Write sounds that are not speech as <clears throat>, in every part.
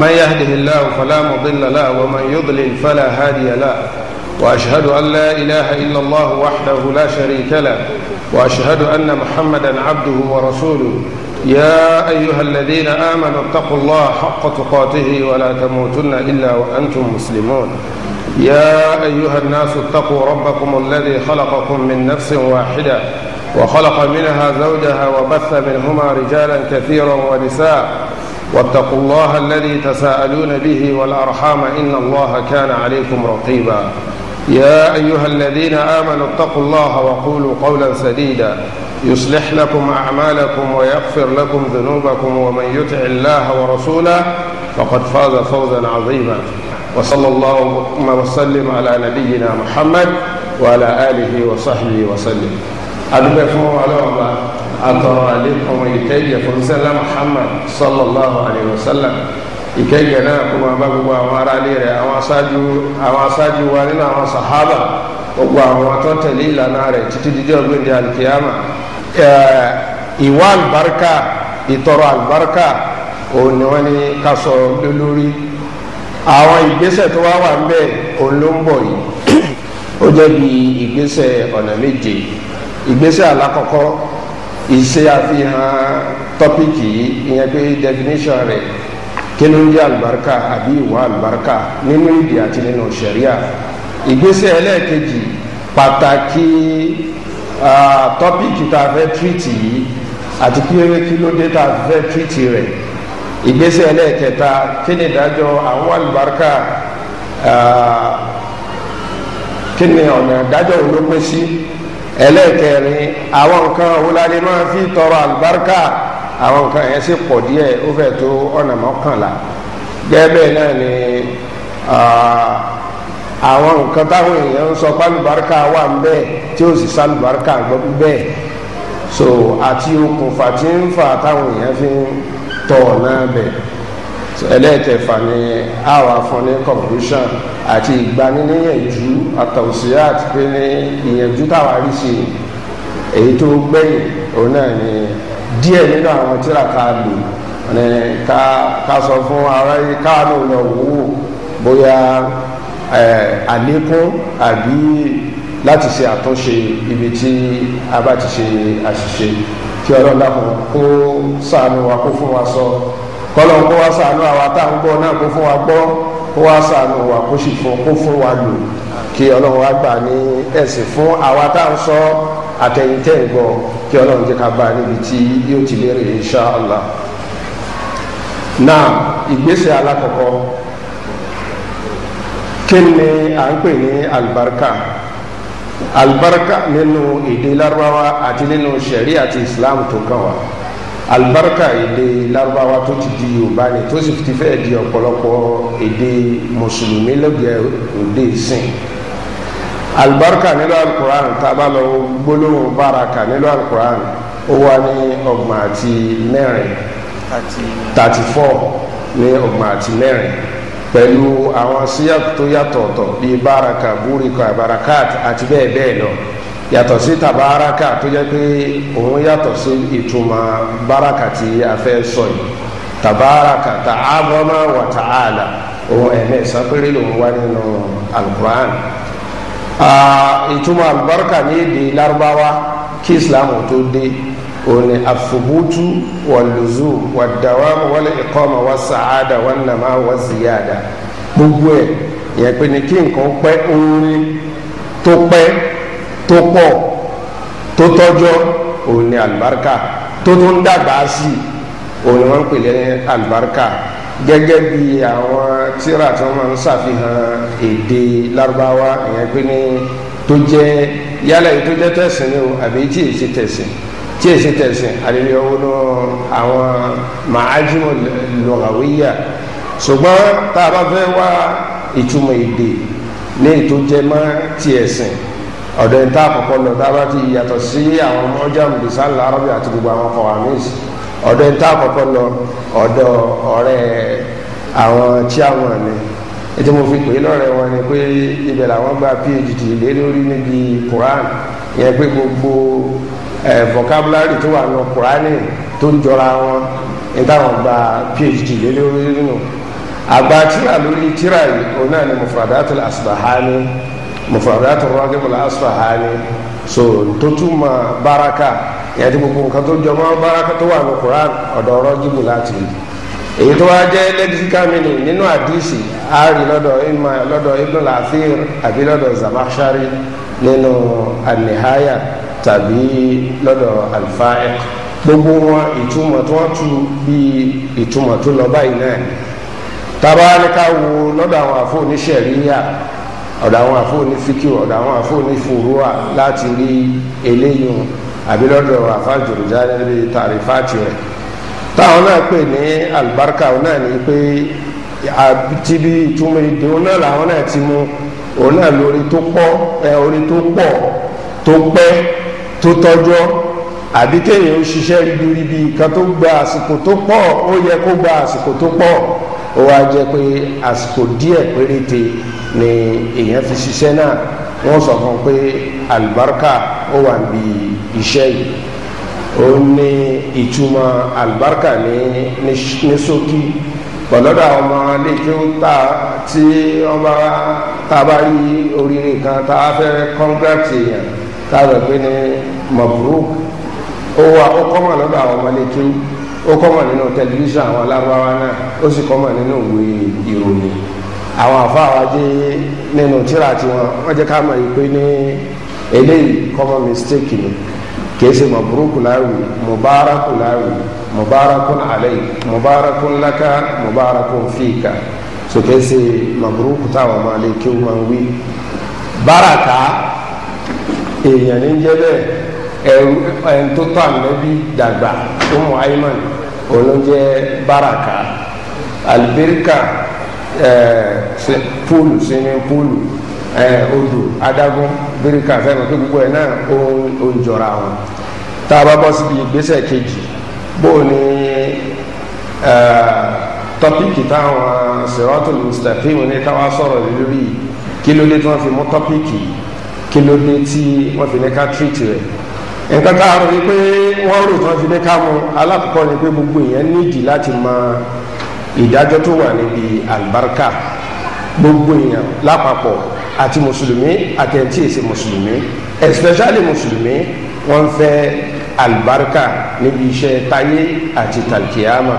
من يهده الله فلا مضل له ومن يضلل فلا هادي له وأشهد أن لا إله إلا الله وحده لا شريك له وأشهد أن محمدا عبده ورسوله يا أيها الذين آمنوا اتقوا الله حق تقاته ولا تموتن إلا وأنتم مسلمون يا أيها الناس اتقوا ربكم الذي خلقكم من نفس واحدة وخلق منها زوجها وبث منهما رجالا كثيرا ونساء واتقوا الله الذي تساءلون به والأرحام إن الله كان عليكم رقيبا يا أيها الذين آمنوا اتقوا الله وقولوا قولا سديدا يصلح لكم أعمالكم ويغفر لكم ذنوبكم ومن يطع الله ورسوله فقد فاز فوزا عظيما وصلى الله وسلم على نبينا محمد وعلى آله وصحبه وسلم على الله atọrọ àlékún ìkẹyẹ fúnṣẹlẹ muhammad sallallahu alayhi wa sallam ìkẹyẹ náà kó máa bá gbogbo àwọn aráalé rẹ̀ àwọn aṣáájú àwọn aṣáájú wa nínú àwọn sàhábà gbogbo àwọn tó tẹ̀lé ìlànà rẹ̀ títí dídí ọgbìn di alikiyama ìwà àlùbáríkà ìtọrọ àlùbáríkà òun ni wọn ní ká sọ lórí àwọn ìgbésẹ̀ tó wá wà ń òun ló ń bọ̀ yìí ó jẹ́ bí ìgbésẹ̀ ọ̀nà méje ìgbésẹ̀ alákọ̀ọ́kọ́ ìṣe àfihàn tọ́píkì yìí ìyẹn pé definition rẹ̀ kí ló ń jẹ́ àlùbáríkà àbí ìwà àlùbáríkà nínú ìdí àti nínú ṣẹ̀ríà ìgbésẹ̀ ẹlẹ́ẹ̀kejì pàtàkì tọ́píkì tá a fẹ́ tírìtì yìí àti kí ló dé tá a fẹ́ tírìtì rẹ̀ ìgbésẹ̀ ẹlẹ́ẹ̀kẹta kí ni ìdájọ́ àwọn àlùbáríkà kí ni ọ̀nà ìdájọ́ òun ló pín sí. Si ẹlẹ́ẹ̀kẹrin àwọn nǹkan wúlálẹ́ máa fi tọrọ àlùbáríkà àwọn nǹkan yẹn sì pọ̀ díẹ̀ ó fẹ́ tó ọ̀nà mọ́kànlá gẹ́gẹ́ náà ni àwọn nǹkan táwọn èèyàn ń sọ pálùbáríkà wà ń bẹ́ẹ̀ tí ó sì sálùbáríkà gbọ́ bẹ́ẹ̀ so àti okùnfà tí ń fà táwọn èèyàn fi ń tọ̀ náà bẹ́ẹ̀ ẹlẹ́ẹ̀kẹfà ni àwa fún ní conclusion àti ìgbaniníyànjú àtàwùsíyàt pé ní ìyànjú táwa rí sí èyí tó gbẹ̀yìn òun náà ni díẹ̀ nínú àwọn tíra ká lò ní ká sọ fún ara yìí káàánú lọ wò ó bóyá àlékún àbí láti ṣe àtúnṣe ibi tí a bá ti ṣe àṣìṣe kí ọlọ́run dákun kó ṣàánú wa kó fún wa sọ. So, kọ́lọ́n kó wá sànú àwa tá à ń gbọ́ náà kó fún wa gbọ́ kó wá sànú wa kó sì fún kó fún wa lò kí ọlọ́run wá gbà ní ẹ̀sìn fún àwa tá à ń sọ àtẹ̀yìntẹ̀ gbọ́ kí ọlọ́run jẹ́ ká bá níbi tí yóò ti lérè insha náà ìgbésẹ̀ alákọ̀ọ́kọ́ kí ni à ń pè ní alibarika alibarika nínú èdè Lárúbáwá àti nínú sẹ̀rí àti Islam tó kàn wá alibarika èdè Lárúbáwá tó ti di Yorùbá ni tó sì ti fẹ́ di ọ̀pọ̀lọpọ̀ èdè mùsùlùmí lọ́jọ́ òde ìsìn alibarika nínú alukuran tábà lọ gbólóhùn baraka nínú alukuran ó wà ní ọgbọ̀n àti mẹ́rin thirty four ní ọgbọ̀n àti mẹ́rin pẹ̀lú àwọn síyàtọ̀ tó yàtọ̀ ọ̀tọ̀ bíi baraka burika barakat àti bẹ́ẹ̀ bẹ́ẹ̀ lọ. No yàtọ̀ sí tabaraka tó jẹ́ pé òun yàtọ̀ sí ìtumọ̀ baraka tí a fẹ́ sọ yìí tabaraka ta abọ́mọ wa ta'ala òun ẹ̀mẹ́ sápẹ́rẹ́ lòun wá nínú alukur'an ìtumọ̀ alubarika ní èdè larubawa kí islam tó dé òun ni afubutu wàlúzù wàdàwàmù wàlẹ̀ ìkọ́mọ̀ wà sàádà wà nàmá wà ziyada gbogbo ẹ̀ yẹ pé ni kí nǹkan pẹ́ orin tó pẹ́ tó pọ̀ tó tọ́jọ́ òun ni àlùbáríkà tó tún dàgbà sí òun ni wọ́n ń pè ní àlùbáríkà gẹ́gẹ́ bí àwọn tíra tí wọ́n máa ń ṣàfihàn èdè lárúbáwá ìyẹn pé ní tó jẹ́ yálà èyí tó jẹ́ tẹ̀sìn ni o àbí tí èyí tẹ̀sìn tí èyí tẹ̀sìn àdìrí ọwọ́ náà àwọn màájúmọ̀ lọ́gàwíyà ṣùgbọ́n tá a bá fẹ́ wá ìtumọ̀ èdè ní ètò jẹ́ mọ́ ti ẹ̀sìn ọdọ ìta àkọkọ lọ bá ti yàtọ̀ sí àwọn àti gbogbo àwọn kọ̀wámís ọdọ ìta àkọkọ lọ ọ̀dọ̀ ọ̀rẹ́ àwọn chairman ni ètò mo fi pè é wọn ni pé làwọn gba phd lé lórí níbi quran yẹn pé gbogbo vocabulary tó wà Quran tó ń jọra wọn wọn gba phd lé lórí nínú àgbà tíra lórí tíra yìí òun náà ni mufradatu ragib al-asfahani so ntotuma baraka yàtí gbogbo nǹkan tó jọmọ́ baraka tó wà ní Quran ọ̀dọ̀ ọ̀rọ̀ jìbù láti rí èyí tó wá jẹ́ lẹ́gísíkà mìíní nínú àdìsí àárín lọ́dọ̀ ìmọ̀ lọ́dọ̀ Ibn al-Athir àbí lọ́dọ̀ Zamakhshari nínú an-Nihaya tàbí lọ́dọ̀ al gbogbo wọn ìtumọ̀ tó wọ́n tu bí ìtumọ̀ tó lọ báyìí náà tábà ní ká wo lọ́dọ̀ àwọn àfọ̀ oníṣẹ̀ríyà ọ̀dọ̀ àwọn àfọwọ́ni fíkì ọ̀dọ̀ àwọn àfọwọ́ni fòrúwà láti rí eléyìí àbí lọ́dọ̀ àfáàjòròjá níbi tàrífàtì rẹ̀ táwọn náà pè ní alibarika òun náà ní pé àtibí ìtumọ̀ èdè òun náà làwọn náà ti mú òun náà lórí tó pọ̀ ẹ orí tó pọ̀ tó pẹ́ tó tọ́jọ́ àbí kéèyàn ó ṣiṣẹ́ ribiribi kan tó gba àsìkò tó pọ̀ ó yẹ kó gba àsìkò tó pọ̀ ó wá jẹ́ pé àsìkò díẹ̀ péréte ni èèyàn fi ṣiṣẹ́ náà wọ́n sọ fún pé alibarika ó wà bí iṣẹ́ yìí ó ní ìtumọ̀ alibarika ní ní ṣókí pọ̀lọ́dọ̀ àwọn ọmọ alẹ́jọ́ tá tí wọ́n bá tá a bá rí oríire kan tá a fẹ́ kọ́ńgàtì èèyàn tá a pé ní mabruk ó wà ó kọ́mọ̀ lọ́dọ̀ àwọn ọmọ alẹ́jọ́ ó kọ́mọ̀ nínú tẹlifíṣàn àwọn alárúbáwá náà ó sì kọ́mọ̀ nínú ìwé ìròyìn àwọn àfáà jẹ nínú tíra tiwọn wọn jẹ ká mọ ìpè ní eléyìí common mistake ni kìí ṣe mọ̀bùrúkú láàrú mọ̀bárakú láàrú mọ̀bárakún àlẹ́yìn mọ̀bárakún lákà mọ̀bárakún fíìkà so kìí ṣe mọ̀bùrúkú táwọn máa lè kí wọn wí. báraka èèyàn ní jẹ́ bẹ́ẹ̀ ẹ̀rú tó tọ́ ànábì dàgbà Ummu Ayman òun báraka albirka. Eh, púùlù swimming púùlù eh, odò adágún bíríkà fẹ́ràn pé gbogbo ẹ̀ náà ó ń jọra wọn tá a bá bọ́ síbi ìgbésẹ̀ kejì bó o ní eh, tọ́píkì táwọn siratul mustaqim ní táwa sọ̀rọ̀ lórí kí ló dé tí wọ́n fi mú tọ́píkì kí ló dé tí wọ́n fi ní ká tírìtì rẹ̀ nǹkan tá a rò ní pé wọ́n rò tí wọ́n fi ní ká mú alákọ̀ọ́kọ́ ni pé gbogbo èèyàn nídìí láti máa ìdájọ́ tó wà níbi àlùbáríkà gbogbo èèyàn lápapọ̀ àti mùsùlùmí àti ẹ̀ntì èsì mùsùlùmí especially mùsùlùmí wọ́n fẹ́ àlùbáríkà níbi iṣẹ́ táyé àti tàlkìyàmà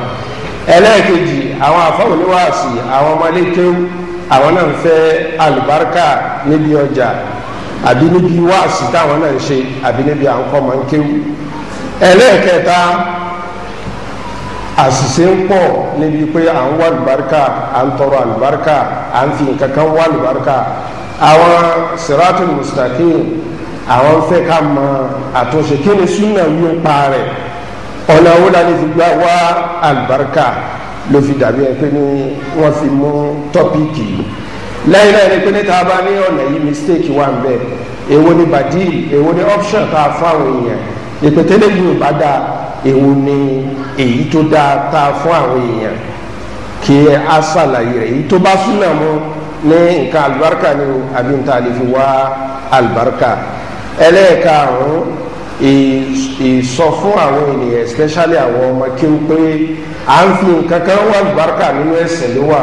ẹlẹ́ẹ̀kejì àwọn àfáwọn oníwàásì àwọn ọmọlékéwù àwọn náà ń fẹ́ àlùbáríkà níbi ọjà àbí níbi wáàsì táwọn náà ń ṣe àbí níbi à ń ń kéwù ẹlẹ́ẹ̀kẹta àṣìṣe ń pọ̀ níbi pé à ń wá àlùbáríkà à ń tọrọ àlùbáríkà à ń fi nǹkan kan wá àlùbáríkà àwọn siratul mustaqim àwọn ń fẹ́ ká mọ àtúnṣe kí ni súnà yí ń pa rẹ̀ ọ̀nà wo la ní fi gbà wá àlùbáríkà ló fi dàbí ẹ pé ní wọ́n fi mú tọ́píìkì yìí lẹ́yìn pé ní tá a bá ní ọ̀nà yìí mistake wà ń bẹ̀ èwo ni badil èwo ni option tá a fáwọn èèyàn ìpètè lè yí bá dáa èwo ni èyí tó dáa ta fún àwọn èèyàn kí a ṣàlàyé rẹ̀ èyí tó bá súnà mu ní nǹkan alibarika ni àbí nǹkan àlefi wá alibarika ẹlẹ́ẹ̀karùn-ún ìsọ fún àwọn ènìyàn especially àwọn ọmọ kí n pé à ń fi nǹkan kan wá alibarika nínú ẹ̀sìn ló wà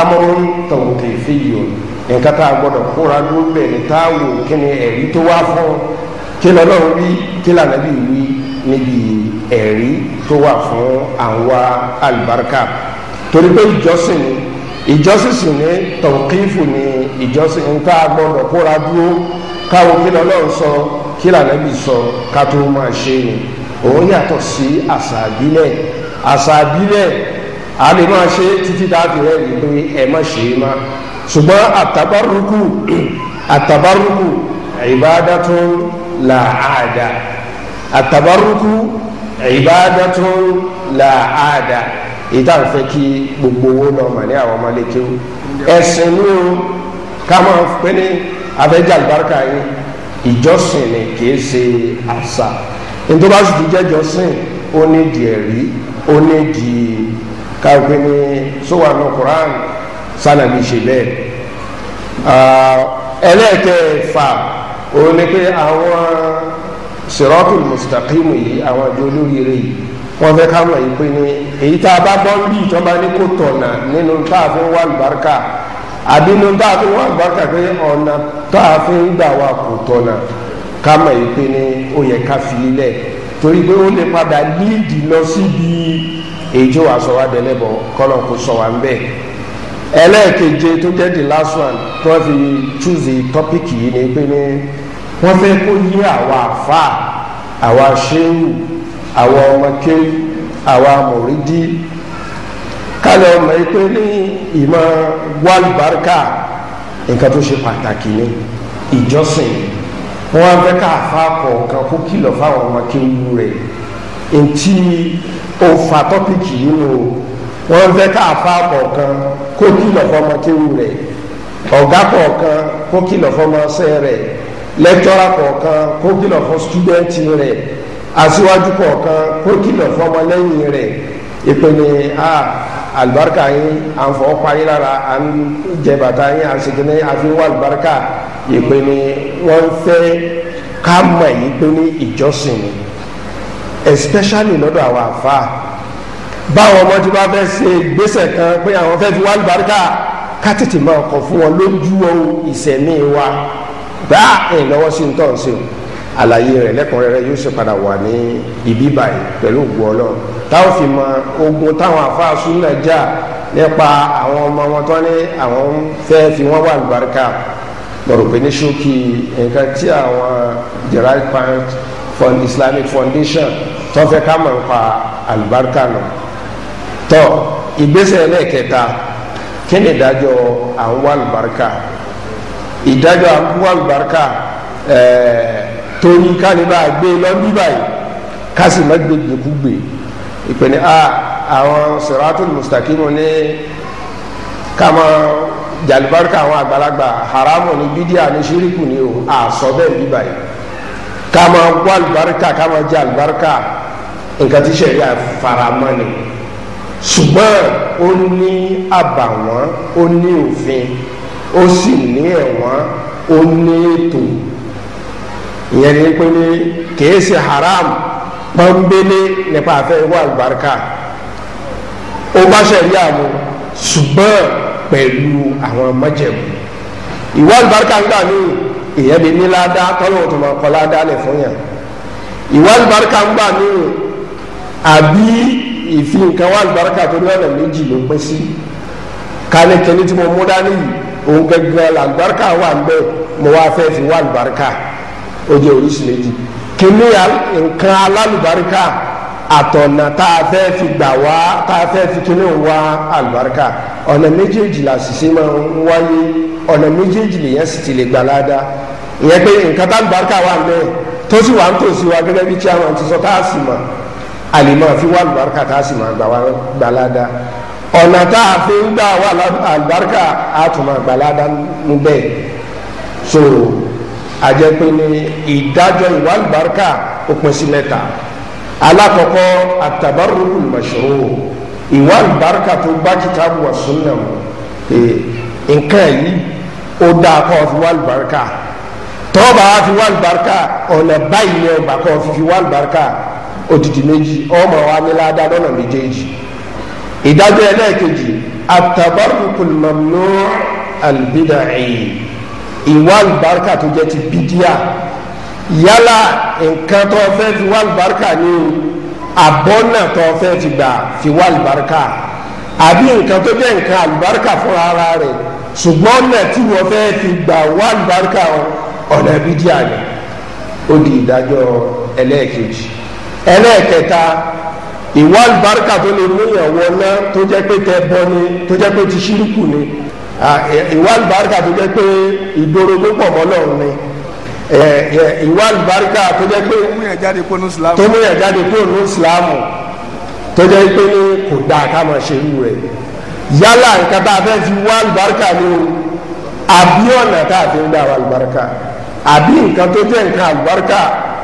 amọ̀rún tọ̀wọ̀tẹ̀ fìyò nǹkan tá a gbọ́dọ̀ kóra ló bẹ̀ ní táwọn kí ni ẹ̀rí tó wá fún kí lọ́lọ́run wí kí lànà bí wí níbi yìí ẹ̀rí tó wà fún àwa alibarika torí pé ìjọsìn ni ìjọsìn sì ni tọ̀kífù ni ìjọsìn ń tá a gbọ́dọ̀ kóra dúró káwọn kí lọ́lọ́run sọ kí lànàbì sọ ká tó máa ṣe ni òun yàtọ̀ sí àṣà àbílẹ̀ àṣà àbílẹ̀ a lè máa ṣe títí dáàbò rẹ̀ wípé ẹ má ṣe é má ṣùgbọ́n àtàbárùkù àtàbárùkù ìbádàtún làádà àtàbárùkù ìbádọ́tún là áàdà èyí tá à ń fẹ́ kí gbogbo owó náà mà ní àwọn ọmọdé kéwù ẹ̀sìn ní o ká máa pé ní afẹ́jà àlùbáríkà yín ìjọsìn ni kì í ṣe àṣà nítorí ti jẹ́ ìjọsìn ó ní di ẹ̀rí ó ní di káwé ní sówà náà Quran sanabi ṣe bẹ́ẹ̀ ẹlẹ́ẹ̀kẹfà òun ni pé àwọn siratul mustaqim yìí àwọn àjọ olóríire yìí wọ́n fẹ́ ká mọ̀ yìí pé ní èyí tá a bá bọ́ ń bí ìjọba ní kò tọ̀nà nínú tá a fi ń wá àlùbáríkà àbí nínú tá a fi ń wá àlùbáríkà pé ọ̀nà tá a fi ń gbà wá kò tọ̀nà ká mọ̀ yìí pé ní ó yẹ ká fi ilẹ̀ torí pé ó lè padà líìdì lọ síbi èyí tí wàá sọ wá dẹ́lẹ́bọ̀ kọ́lọ̀ kó sọ wá ń bẹ̀ ẹlẹ́ẹ̀keje tó jẹ́ the last one tó fi choose the topic yìí ni pé ní wọ́n fẹ́ kó yé àwa àfa àwa ṣéwù àwa ọmọkéwù àwa mọ̀rídì kálọ̀ ọmọ yìí pé ní ìmọ̀ wàlúbáríkà nǹkan tó ṣe pàtàkì ni ìjọsìn wọn á fẹ́ ká àfa kọ̀ọ̀kan kó kìlọ̀ fáwọn ọmọkéwù rẹ̀ ntí ó fa tọ́pìkì yìí nù wọ́n fẹ́ ká àfa kọ̀ọ̀kan kó kìlọ̀ fọmọkéwù rẹ̀ ọ̀gá kọ̀ọ̀kan kó kìlọ̀ fọmọṣẹ́ rẹ̀ lẹ́kítọ́rà kọ̀ọ̀kan kó kìlọ̀ fún sítúdẹ́ǹtì rẹ̀ aṣíwájú kọ̀ọ̀kan kó kìlọ̀ fún ọmọlẹ́yìn rẹ̀ ìpele a alibarika yín à parí lára à ń jẹ bàtà yín wà alibarika ìpele wọ́n fẹ́ ká mọ̀ yín pé ní ìjọsìn especially lọ́dọ̀ àwọn àfa báwọn ọmọ tí wọn fẹ́ ṣe ìgbésẹ̀ kan pé àwọn fẹ́ fi wà alibarika ká tètè máa kọ̀ fún wọn lójú ìsẹ̀mí wa gbá ẹ̀ lọ́wọ́ sí ntọ́ ṣe o àlàyé rẹ̀ lẹ́kùnrẹ́rẹ́ yóò ṣe padà wà ní ibi báyìí pẹ̀lú ògùn ọlọ́run táwọn fi mọ ogun táwọn afáàsù náà jà nípa àwọn ọmọ wọn tó ní àwọn fẹ́ fi wọ́n wà lùbáríkà lọ́rọ̀ pé ní ṣókí nǹkan tí àwọn Gerald Pound fund Islamic Foundation tó fẹ́ ká mọ̀ nípa àlùbáríkà náà tọ́ ìgbésẹ̀ ẹlẹ́ẹ̀kẹta kí ni ìdájọ́ àwọn wà lùbáríkà ìdájọ́ àkúkú àlùbáríkà torí kálíbà gbé lọ́bí báyìí kásì má gbégbé gbúgbé ìpèní a àwọn siratul mustaqim ní kàmá jàlùbáríkà àwọn àgbàlagbà haramu ní bídíà ní ṣíríkù ní o àsọ bẹ́ẹ̀ bí báyìí kàmá wà àlùbáríkà kàmá jẹ àlùbáríkà nǹkan tí sẹ̀rí àfaramọ́ ni ṣùgbọ́n ó ní àbàwọ́n ó ní òfin ó sì ní ẹ̀wọ̀n ó ní ètò ìyẹn ní pé ní kìí ṣe haram pọ́nbélé nípa àfẹ́ ìwà àlùbáríkà ó bá ṣẹ̀ríà mu ṣùgbọ́n pẹ̀lú àwọn májẹ̀mú ìwà àlùbáríkà ń gbà míì ìyẹn bí ní ládàá tọ́lọ̀ tó máa kọ́ ládàá lẹ̀ fún yàn ìwà àlùbáríkà ń gbà míì àbí ìfi nǹkan wà àlùbáríkà tó ní ọ̀nà méjì ló pín sí ká ní kẹ́ni tí mo mú dání yìí òun gẹ́gẹ́ la àlùbáríkà wà ń bẹ mo wá fẹ́ fi wá àlùbáríkà ó jẹ́ oríṣi méjì kìíní nǹkan alálùbáríkà àtọ̀nà tá a fẹ́ fi gbà wá tá a fẹ́ fi kíní wá àlùbáríkà ọ̀nà méjèèjì làṣìṣe máa ń wáyé ọ̀nà méjèèjì lèyẹn sì ti lè gbà ládàá ìyẹn pé nǹkan tá àlùbáríkà wà ń bẹ tó sì wà ń tòsí wa gẹ́gẹ́ bí chairman ti sọ tá a àlè máa fi wá àlùbáríkà tá máa gbà ládàá ọ̀nà tá a fi ń gbà wà àlùbáríkà àtùmọ̀ àgbàládá níbẹ̀ so àjẹpé ni ìdájọ́ ìwà àlùbáríkà ó pín sí mẹ́ta alákọ̀ọ́kọ́ àtàbárùkù mọ̀ṣọ́rò ìwà àlùbáríkà tó bá kìtàbù wà súnà mu nǹkan yìí ó dáa kọ́ fi wà àlùbáríkà tọ́ba á fi wà àlùbáríkà ọ̀nà báyìí ni ọgbà kọ́ fi fi wà àlùbáríkà òtítì méjì ọmọ wa ní ládàá lọ́nà méjèèjì ìdájọ́ ẹlẹ́ẹ̀kejì atabarukul mamnu albida'i ìwà àlùbáríkà tó jẹ́ ti bídíà yálà nǹkan tó fẹ́ fi wà àlùbáríkà ní abọ́nà tó fẹ́ fi gbà fi wà àlùbáríkà àbí nǹkan tó jẹ́ nǹkan àlùbáríkà fúnra ara rẹ̀ ṣùgbọ́n ọ̀nà tí wọ́n fẹ́ fi gbà wà àlùbáríkà ọ̀nà bídíà ni ó di ìdájọ́ ẹlẹ́ẹ̀kejì ẹlẹ́ẹ̀kẹta ìwà àlùbáríkà tó lè múyàn wọná tó jẹ́ pé tẹ bọ́ ni tó jẹ́ pé ti ṣírùkù ni ìwà àlùbáríkà tó jẹ́ pé ìdòrò tó pọ̀ mọ́ lọ́run ni ìwà àlùbáríkà tó jẹ́ pé tó múyàn jáde kó nù ìsìlámù tó jẹ́ pé ní kò dáa ká máa ṣe irú rẹ̀ yálà nǹkan tá a fẹ́ fi wá àlùbáríkà ni o àbí ọ̀nà tá a fi ń gbà wá àlùbáríkà àbí nǹkan tó jẹ́ nǹkan àlùbáríkà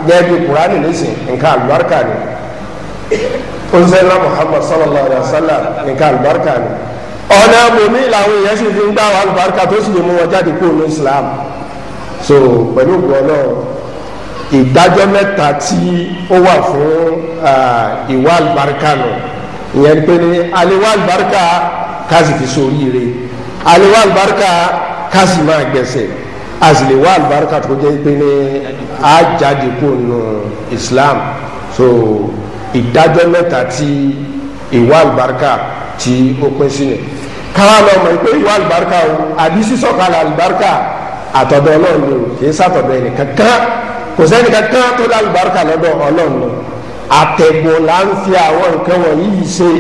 gẹ́gẹ́ bí kùránì nísìn nǹkan àlùbáríkà ni onzela muhammad sallallahu alaihi wa sallam nǹkan àlùbáríkà ni ọ̀nà mòmí làwọn èèyàn sì fi ń gbà wà àlùbáríkà tó sì lè mú wọn jáde kúrò ní islam so pẹ̀lú ògùn ọlọ́run ìdájọ́ mẹ́ta tí ó wà fún ìwà àlùbáríkà nù ìyẹn pé ní àlewà àlùbáríkà káàsì fi sóríire àlewà àlùbáríkà káàsì máa gbẹ̀sẹ̀ àsìlèwà àlùbáríkà tó jẹ́ pé ní àjáde kúrò ní islam so ìdájọ́ mẹ́ta tí ìwà àlùbáríkà tí ó pín sí ni kára lọ mọ̀ pé ìwà àlùbáríkà o àbí sísọ̀kalẹ̀ àlùbáríkà àtọ̀dọ̀ ọlọ́run ni o kì í sàtọ̀dọ̀ ẹnì kankan kò sẹ́ni kankan tó dá àlùbáríkà lọ́dọ̀ ọlọ́run lọ àtẹ̀gbọ̀ là ń fi àwọn nǹkan wọ̀nyí yìí ṣe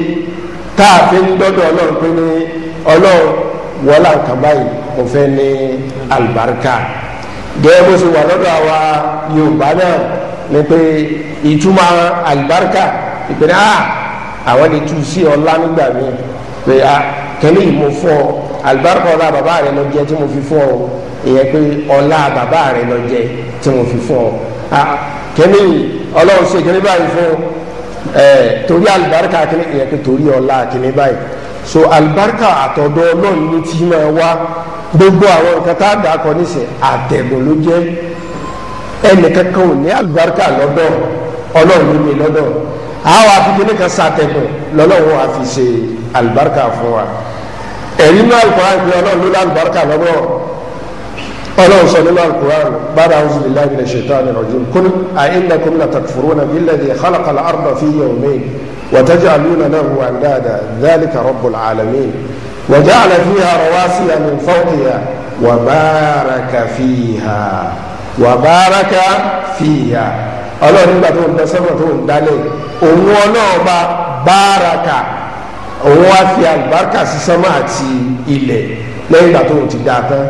tá a fi ń dọ́dọ̀ ọlọ́run pé ní ọlọ́run wọlé nǹkan báyìí mo fẹ́ ní àlùbáríkà gẹ́gẹ́ bó ṣe wà lọ́dọ̀ àwa Yorùbá náà ni pé ìtumọ̀ alibarika ìpínlẹ̀ a àwọn lè tu sí ọ̀la nígbà míì pé a ah, kẹ́lẹ́ ìmọ̀ fún ọ alibarika ọ̀la bàbá rẹ lọ jẹ tí mo fi fún ọ ìyẹn pé ọ̀la bàbá rẹ lọ jẹ tí mo fi fún ọ a ah, kẹ́lẹ́ ọlọ́run ṣe kẹ́lẹ́ báyìí fún ẹ torí alibarika kẹ́lẹ́ ìyẹn pé torí ọ̀la kẹ́lẹ́ báyìí so alibarika àtọ̀dọ̀ ọlọ́run ní tí máa wá gbogbo àwọn nǹkan tá a dà kọ níṣẹ́ àtẹ̀gùn ló jẹ́ ẹnìkankan ò ní àlùbáríkà lọ́dọ̀ ọlọ́run ní mi lọ́dọ̀ àwọn afikini kan sàtẹ̀kùn lọ́lọ́run àfi ṣe àlùbáríkà fún wa ẹ̀rí náà alukóran pé ọlọ́run ló lálùbáríkà lọ́dọ̀ ọlọ́run sọ nínú alukóran bára àwọn zùlẹ̀ láàbí lè ṣètò àmì ọ̀jọ́ kún àìlẹ̀ kún lè takfuru na bí lè xalakala arba fi yawmi wàtajà luna náà wà dáadáa dálíkà rabbul alamin wàjà àlàfíà rawasiya min fawqiya wàbáraka fíha. wà báraka fìyà ọlọ́run nígbà tó ń dá sọ́mà tó ń dálẹ̀ òun ọlọ́ọ̀ba báraka òun wá fi àlùbáríkà sí sọ́mà àti ilẹ̀ lẹ́yìn ìgbà tó ń ti dá tán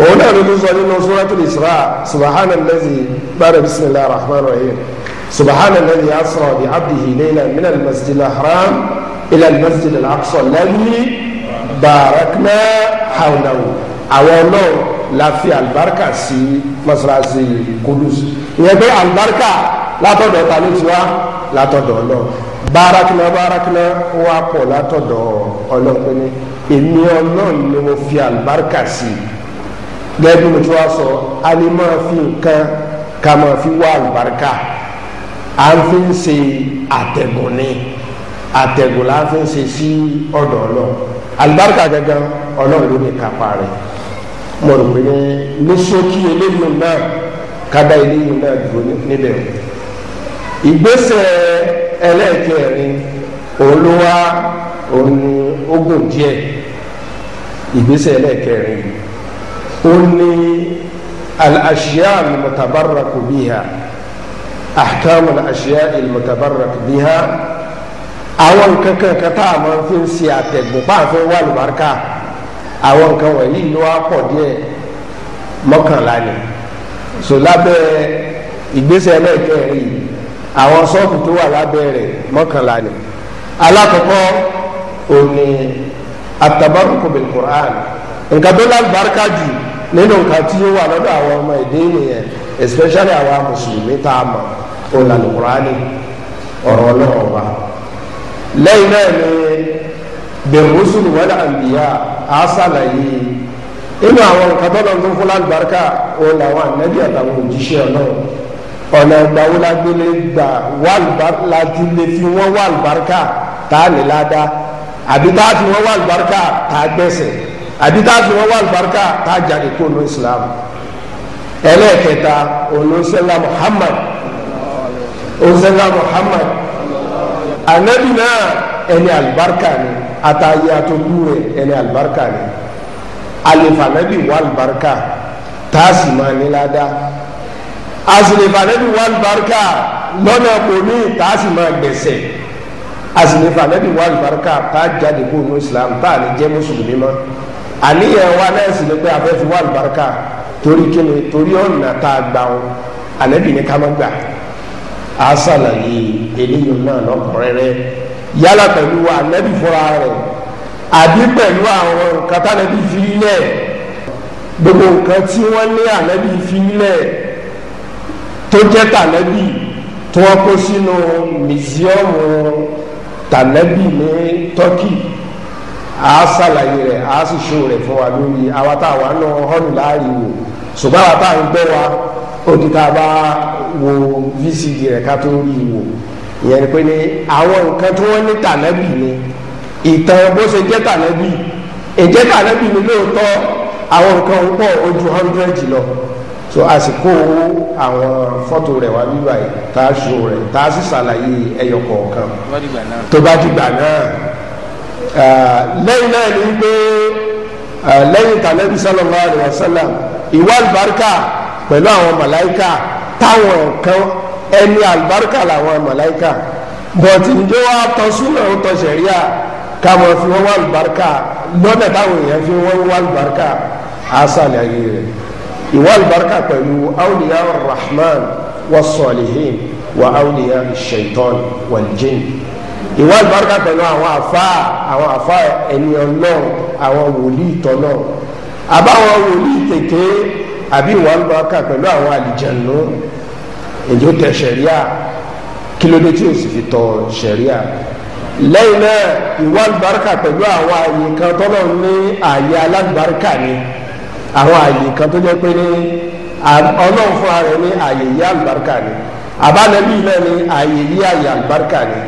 òun náà ló tún sọ nínú suratul Isra subahana lẹ́sìn bára bisimilahi rahman rahim subahana lẹ́sìn asra bi abdihi laylan min masjid al-haram masjid al-aqsa alladhi barakna àwọn náà la fi alibarika sí mọ́sálásí kudus ìyẹn pé alibarika látọ̀dọ̀ ta ló ti wá látọ̀dọ̀ lọ baarakina baarakina wa pọ̀ látọ̀dọ̀ ọlọ́pẹ́ni èmi ọlọ́run ni mo fi alibarika sí gẹ́gẹ́ bí mo ti wá sọ a lè máa fi nǹkan ká máa fi wá alibarika à ń fi ń ṣe àtẹ̀gùn ni àtẹ̀gùn là ń fi ṣe sí ọ̀dọ̀ ọlọ́run alibarika gẹ́gẹ́ ọlọ́run ló ní kápá rẹ̀ mo rò pé ní ṣókí eléyìí náà kádà eléyìí náà dúró níbẹ̀ ìgbésẹ̀ ẹlẹ́ẹ̀kẹrin òun ló wá òun ni ó gùn díẹ̀ ìgbésẹ̀ ẹlẹ́ẹ̀kẹrin òun ni al-ashiya al-mutabarraku biha ahkam al-ashiya al-mutabarraku biha àwọn kankan kan tá a máa fi ń ṣe àtẹ̀gùn bá a fẹ́ wà lùbáríkà àwọn nǹkan wọ̀nyí ló wá pọ̀ díẹ̀ mọ́kànlá ni so lábẹ́ ìgbésẹ̀ ẹlẹ́ẹ̀kẹrin àwọn sọ́ọ̀bù tó wà lábẹ́ rẹ̀ mọ́kànlá ni alákọ̀ọ́kọ́ òní atabaruku bil Qur'an nǹkan tó lálùbáríkà jù nínú nǹkan tí ó wà lọ́dọ̀ àwọn ọmọ ìdí nìyẹn especially àwa mùsùlùmí tá a mọ̀ òun làlùkùránì ọ̀rọ̀ ọlọ́run wa lẹ́yìn náà ni bẹ̀rùsùn wàlẹ̀ àǹbíyá á sàlàyé inú àwọn nǹkan tó lọ́n tó fún lálùbáríkà òun làwọn ànábì àtàwọn òjíṣẹ́ náà ọ̀nà ìgbàwó lágbélé gbà láti lè fi wọ́n wà lùbáríkà tá a lè láda àbí tá a fi wọ́n wà lùbáríkà tá a gbẹ̀sẹ̀ àbí tá a fi wọ́n wà tá a jáde kó nu Islam ẹlẹ́ẹ̀kẹta olùsẹ́lá Muhammad olùsẹ́lá Muhammad ànábì náà ẹni àlùbáríkà ni àtàyè àtòkù rẹ̀ ẹni àlùbáríkà ni àlèfànẹ́bì wà àlùbáríkà tá a sì máa ní ládàá àsìlèfànẹ́bì wa àlùbáríkà lọ́nà kòmí tá a sì máa gbẹ̀sẹ̀ àsìlèfànẹ́bì wà àlùbáríkà tá a jáde kó nu Islam tá a lè jẹ́ mùsùlùmí mọ́ àníyàn wa náà sì ni pé a fẹ́ fi wà àlùbáríkà torí kíni torí ọ̀nà tá a gbà wọn àlẹ́bì ni ká má gbà á sàlàyé eléyìí náà yálà pẹ̀lú ànábì fúnra rẹ̀ àbí pẹ̀lú àwọn nǹkan tánàbì fi lẹ̀ gbogbo nǹkan tí wọ́n lé ànábì fi lẹ̀ tó jẹ́ tànábì tí wọ́n kó sínú mìsíọ́mù tànábì ní tọ́kì a ṣàlàyé rẹ̀ a sì ṣó rẹ̀ fún wa lórí àwa tá a wà nù họ́nù láàrin wò ṣùgbọ́n àwa tá a ń gbọ́ wa ó di ká bá wo vcd rẹ̀ ká tó rí i wò ìyẹn ni pé ní àwọn nǹkan tí wọ́n ní tànẹ́bì ni ìtàn bó ṣe jẹ́ tànẹ́bì ìjẹ́ tànẹ́bì ni lóòótọ́ àwọn nǹkan ń pọ̀ ojú hundred lọ so àsìkò àwọn fọ́tò rẹ̀ wá bíbá yìí tá a ṣò rẹ̀ tá a sì ṣàlàyé ẹyọ kọ̀ọ̀kan tó bá dìgbà náà lẹ́yìn náà ni pé lẹ́yìn tànẹ́bì sallallahu alaihi wasallam ìwà àlùbáríkà pẹ̀lú àwọn màláìkà táwọn kan ẹni àlùbáríkà làwọn màláìkà bọ̀tì njẹ́ wàá tọ́ súnà ń tọ́ sẹ̀ríà ká mọ̀ fi wọ́n wá àlùbáríkà lọ́dẹ̀ táwọn èèyàn fi wọ́n wá àlùbáríkà àṣàlẹ̀ ayé rẹ̀ ìwà àlùbáríkà pẹ̀lú awliya rahman wa salihin wa awliya shaitan wal jinn ìwà àlùbáríkà pẹ̀lú àwọn àfa àwọn àfa ẹni ọlọ́run àwọn wòlíì tọ́nà àbáwọn wòlíì tètè àbí ìwà àlùbáríkà pẹ̀lú àwọn àlìjẹ̀nù ǹjẹ́ ó tẹ sẹ̀ríà kí ló dé tí o sì fi tọ sẹ̀ríà lẹ́yìn náà ìwà àlùbáríkà pẹ̀lú àwọn àyè kan tọ́lọ̀ ní àyè alálùbáríkà ni àwọn àyè kan tó jẹ́ pé ní ọlọ́run fúnra rẹ̀ ní àyè yí àlùbáríkà ni àbánẹ́bí náà ní àyè yí àyè àlùbáríkà ni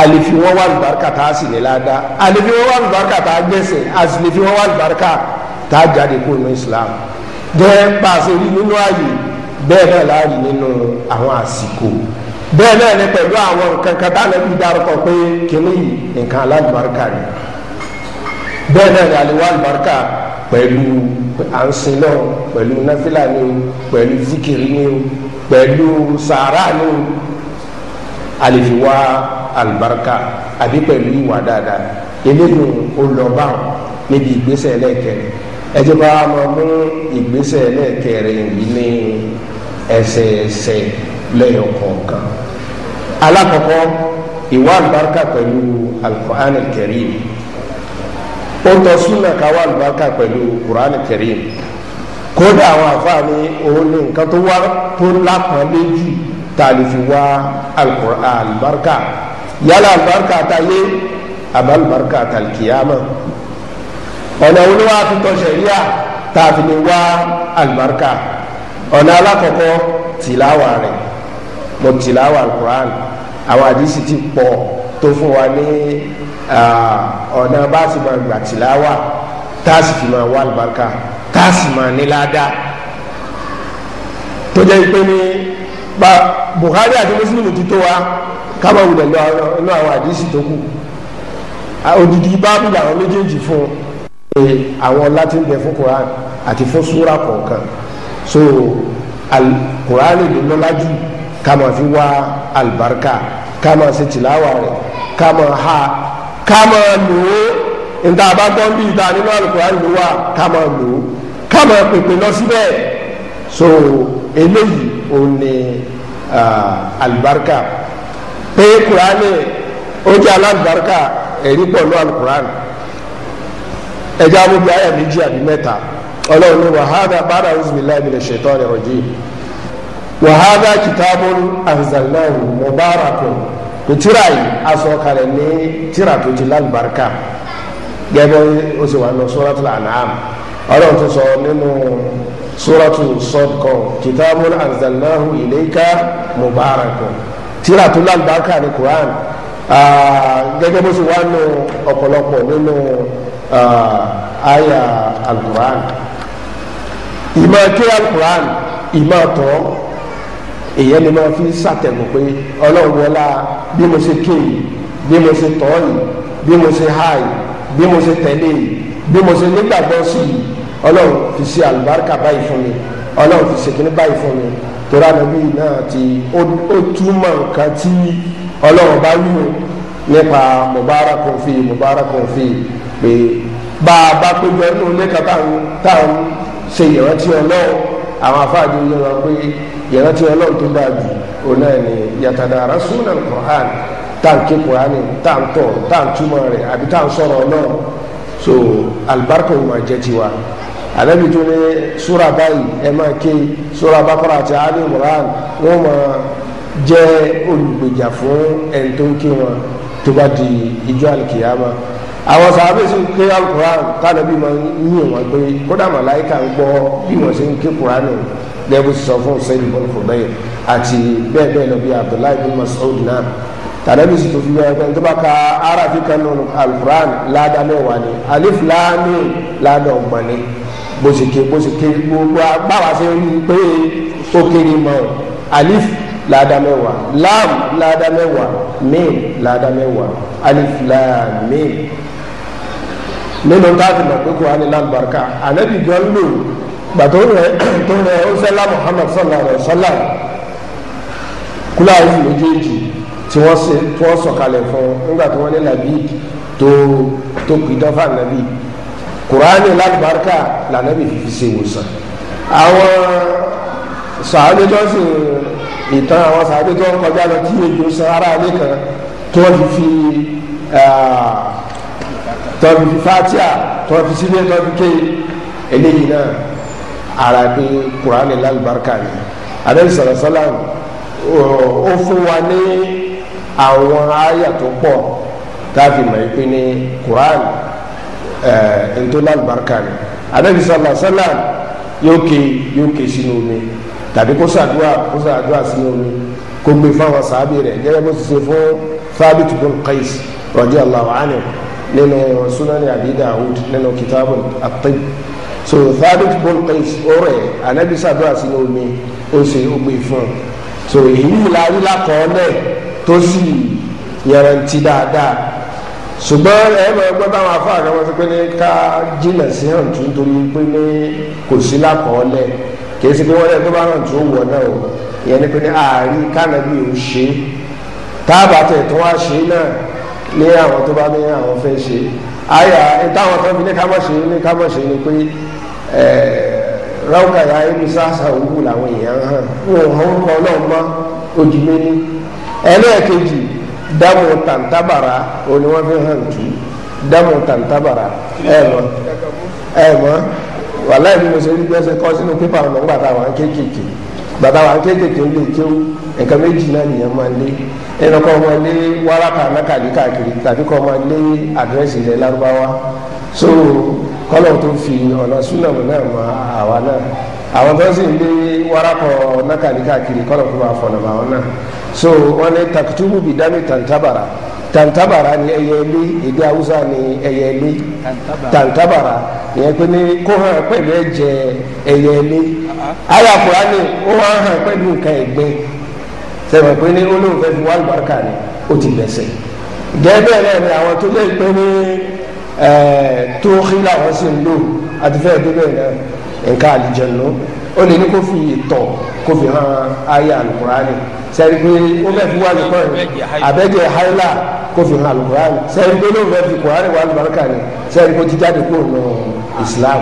àlefi wọn wà lùbáríkà tá a sì ní ládàá àlefi wà lùbáríkà tá a gbẹ̀sẹ̀ àlefi wà lùbáríkà tá a jáde kó inú Islam jẹ́ pàṣẹ nínú àyè bẹ́ẹ̀ náà láàrin nínú àwọn àsìkò bẹ́ẹ̀ náà ni pẹ̀lú àwọn nǹkan kan tá ànábì dárúkọ pé kínní nǹkan alábàárìkà ni bẹ́ẹ̀ náà ni àlewà àlùbáríkà pẹ̀lú àǹsìnlọ pẹ̀lú náfìlà ni o pẹ̀lú zikiri ni o pẹ̀lú sàárà ni o àlefìwà àbí pẹ̀lú ìwà dáadáa eléyìí ó lọ báwọn níbi ìgbésẹ̀ ẹlẹ́ẹ̀kẹrin ẹ jẹ́ bá a máa mú ìgbésẹ̀ ẹlẹ́ẹ̀kẹrin yìí ní ẹsẹẹsẹ lẹ́yọ̀kọ̀ọ̀kan alákọ̀ọ́kọ́ ìwà àlùbáríkà pẹ̀lú alukur'an kẹrìm ó tọ́ súnà káwá àlùbáríkà pẹ̀lú kur'an kẹrìm kódà àwọn àfààní òun ní nǹkan tó wá tó lápọn léjì tá a lè fi wá alukur'an àlùbáríkà yálà àlùbáríkà tá a yé àbá àlùbáríkà tá a lè kíyàmà ọ̀nà olówó sẹ̀ríà tá wá àlùbáríkà ọ̀nà alákọ̀ọ́kọ́ tìláwà rẹ̀ mo tìláwà alukur'an àwọn àdìsí ti pọ̀ tó fún wa ní ọ̀nà bá ti máa gbà tìláwà tá a sì fi máa wá àlùbáríkà tá a sì máa ní ládàá tó jẹ́ pé ní bá Bukhari àti Muslim ti tó wa kábà wulẹ̀ lọ àwọn àdìsí tó kù odidi báàbù làwọn méjèèjì fún un àwọn láti ń bẹ fún Quran àti fún súra kọ̀ọ̀kan so al ló lọ́lá jù ká máa fi wá alibarika ká máa ṣe tìláwà rẹ̀ ká máa ha ká máa lò ó nta bá al bí ìta nínú alukurani ló wà ká máa lò ó ká máa pèpè lọ síbẹ̀ so eléyìí ò ní alibarika pé kurani ó jẹ́ alábàárikà ẹ̀rí pọ̀ lọ́wọ́ alukurani ẹ̀jẹ̀ amúbi ayé méjì àbí ọlọ́run ní wàhálà bára uzbillahi minash shaitani rajim wàhálà kitabun anzalnahu mubarakun ìtura yìí asọ̀kalẹ̀ ní tíra tó ti lálùbáríkà gẹ́gẹ́ ó sì wà nù suratul an'am ọlọ́run ti sọ nínú suratu sọ́dkọ̀ kitabun anzalnahu ilayka mubarakun tíra tó lálùbáríkà ní Qur'an gẹ́gẹ́ bó sì wà nù ọ̀pọ̀lọpọ̀ nínú àyà al-Qur'an ìmọ̀ kí alukuran ìmọ̀ tọ́ èyẹ ni máa fi sàtẹ̀gùn pé ọlọ́run wọlá bí mo ṣe ké yìí bí mo ṣe tọ́ yìí bí mo ṣe há yìí bí mo ṣe tẹ̀lé yìí bí mo ṣe nígbàgbọ́ sí yìí ọlọ́run fi ṣe àlùbáríkà báyìí fún mi ọlọ́run fi ṣe kíní báyìí fún mi torí ànábì náà ti ó túmọ̀ nǹkan tí ọlọ́run bá wí nípa mubarakun fi mubarakun fi pé bá a bá péjọ inú ilé kan táwọn táwọn ṣe ìrántí ọlọ́run àwọn afáàdé yẹn wá pé ìrántí ọlọ́run tó dáa jù òun náà ni yatadarasuna al-Qur'an táǹkì kùránì táǹtọ̀ táǹtúmọ̀ rẹ̀ àbí táǹsọ̀rọ̀ ọlọ́run so alibarika wo máa jẹ́ tiwa anabi tó ní sura báyìí ẹ máa ké sura Bakara àti Ali Imran wọn máa jẹ́ olùgbèjà fún ẹni wọn tó bá di ijó alikiyama àwọn sàbẹ̀ sì ké alukuran kánà bí wọn yín wọn gbé kódà màláìka ń gbọ́ bí wọn ṣe ń ké kurani gẹ́gẹ́ sọ fún sẹ́yìn bọ́lá fúnbẹ́yẹ àti bẹ́ẹ̀ bẹ́ẹ̀ lọ bí abdullahi bin masoud náà tàbí sì tó fi wẹ́ ẹgbẹ́ tó bá ka arafi kanu alukuran ládàá mẹ́wàá ni alif láàmì ládàá ọgbọ̀n ni bó ṣe ké bó ṣe ké gbogbo agbára ṣe ń pé ó kéré mọ́ alif laada mẹ́wàá lam laada mẹ́wàá mim laada mẹ́wàá alif lam nínú táàbì náà pé kò á ní lálùbáríkà ànábì gan lò gbàtó rẹ tó rẹ ó sẹlá Muhammad sallallahu alaihi wasallam kúlẹ̀ àwọn méjèèjì tí wọ́n ṣe tí wọ́n sọ̀kalẹ̀ fún nígbà tí wọ́n ní làbí tó tó pidán fún ànábì kùránì lálùbáríkà lànábì fi ṣe ìwòsàn àwọn sàádéjọ́ sì ìtàn àwọn sàádéjọ́ kọjá lọ tí èjò sàn ara ilé kan tí wọ́n fi fi tọ́fi fi fatia tọ́fi sílé tọ́fi ké eléyìí náà ara bí kuran ní lálùbáríkà ni adéyí sàlàsàlà ó fún wa ní àwọn àyà tó pọ̀ táàfì mọ̀ ẹ́ pé ní kuran ẹ̀ ń tó lálùbáríkà ni adéyí sàlàsàlà yóò ké yóò ké sínú omi tàbí kó sàdúrà kó sàdúrà sínú omi kó gbé fáwọn sàábì rẹ̀ gẹ́gẹ́ bó ti ṣe fún Thabit bin Qais radiyallahu anhu nínú sunani abi dawud nínú kitabu atib so thabit bol qais ọ̀rẹ́ anabi sadua sí ní omi ó ṣe ó gbé fún so èyí la rí tosi tó sì yẹrantí dáadáa ṣùgbọ́n ẹ máa gbọ́ táwọn ne ka ti pé ní ká jìnà sí hàn tún torí pé ní kò sí lakọọlẹ kì í ṣe pé wọ́n lẹ́nu hàn tún wọ̀ náà o ìyẹn ni pé ní ààrí kánàbí ò ṣe táàbà tẹ̀ tó wá ṣe náà ní àwọn tó bá ní àwọn fẹ́ ṣe àyà ìtàwọn tó fi ní kámọ̀ ṣe ní kámọ̀ ṣe ni pé ráúkà yà ayé musa sàwùkù làwọn èèyàn hàn wọn ò hàn kọ́ náà mọ́ ojú méní ẹlẹ́ẹ̀kejì dámù tàǹtàbàrà òní wọ́n fi hàn jù dámù tàǹtàbàrà ẹ̀ mọ́ ẹ̀ mọ́ wàláì bí mo ṣe rí gbẹ́sẹ̀ kọ́ sínú pépà ọ̀nà ńgbà táwọn kéékèèké bàbá wa kéékèèké ń lè kéwú nǹkan méjì náà nìyẹn máa lé ẹnì kan máa lé wárápà anákàlí káàkiri tàbí kan máa lé àdírẹ́sì ilẹ̀ lárúbáwá so kọ́lọ̀ tó fi ọ̀nà súnàmù náà mọ àwa náà àwọn tó ń sì lé wárápà anákàlí káàkiri kọ́lọ̀ tó máa fọ̀nà àwọn náà so wọ́n lé takutubu bìdámì tàǹtàbàrà tantabara ni ẹyẹlé èdè haúsá ni ẹyẹlé tantabara ìyẹn pé ní kó hàn pẹ̀lú ẹ̀jẹ̀ ẹyẹlé ayé àkùránì ó wá hàn pẹ̀lú nǹkan ẹ̀gbẹ́ sẹ́wọ̀n pé ní olóòfẹ́ fi wá àlùbáríkà ni ó ti bẹ̀sẹ̀ gẹ́gẹ́ bẹ́ẹ̀ ni àwọn tó lè pé ní tó xí làwọn sì ń lò àti fẹ́ẹ́ tó bẹ́ẹ̀ náà nǹkan àlìjẹ̀nu ó lè ní kó fi ìtọ̀ kó fi hàn ayé àlùkùránì sẹ́ni pé ó fẹ́ fi wá lùkọ́ rẹ̀ àbẹ́jẹ́ haila kó fi hàn lùkọ́ rẹ̀ sẹ́ni pé ló fẹ́ fi kùránì wá lùbáríkà rẹ̀ sẹ́ni pé ó ti jáde kúrò nù Islam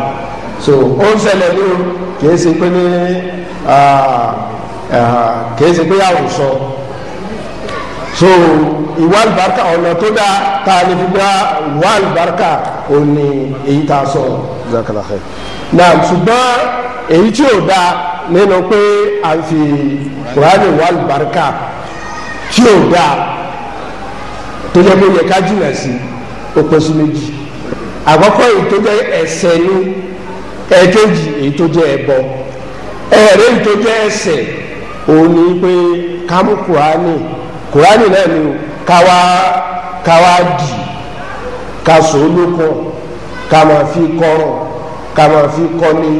so ó ń ṣẹlẹ̀ ní o kìí ṣe pé ní kìí ṣe pé àwòsàn so ìwà àlùbáríkà ọ̀nà tó dáa tá a lè fi gbá ìwà àlùbáríkà òní èyí tá a sọ̀rọ̀ jazakala khair. na ṣùgbọ́n èyí tí ò da nínú pé a fi kùránì wà lùbáríkà tí ò da tó yẹ kó yẹ ká jìnnà sí ó pẹ́ sí méjì àkọ́kọ́ èyí tó jẹ́ ẹ̀ṣẹ̀ ní ẹ̀kejì èyí tó jẹ́ ẹ̀bọ ẹ̀rẹ́ èyí tó jẹ́ ẹ̀ṣẹ̀ òun ni pé ká mú kùránì náà ni káwa káwa dì ká sòó lókun ká máa fi kọ́rọ̀ ká máa fi kọ́ ní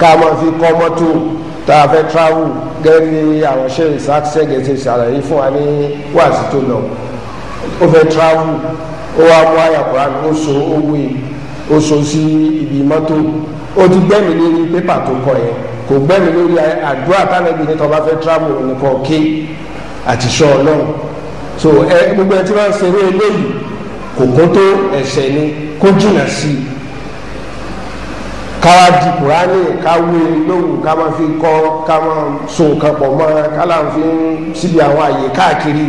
ká máa fi kọ́ mọ́tò tá a fẹ́ travel gẹ́gẹ́ bí àwọn ṣe ìsáṣẹ́gẹ̀ ṣe ṣàlàyé fún wa ní wàásù tó lọ ó fẹ́ travel ó wá mú àyàkùrá ó so owó e, ó so sí ibi mọ́tò ó ti gbẹ́mí lórí pépà tó kọ yẹn kò gbẹ́mí lórí àdúrà tánàbí ní tó bá fẹ́ travel nìkan ké àti sọ ọlọ́run so ẹ gbogbo ẹ ti máa ń ṣeré eléyìí kò kó tó ẹ̀ṣẹ̀ ni kó jìnnà sí i káwá di kùránì káwé lóhùn ká máa fi kọ́ ká máa so nǹkan pọ̀ mọ́ ká láǹ fi ń síbi àwọn àyè káàkiri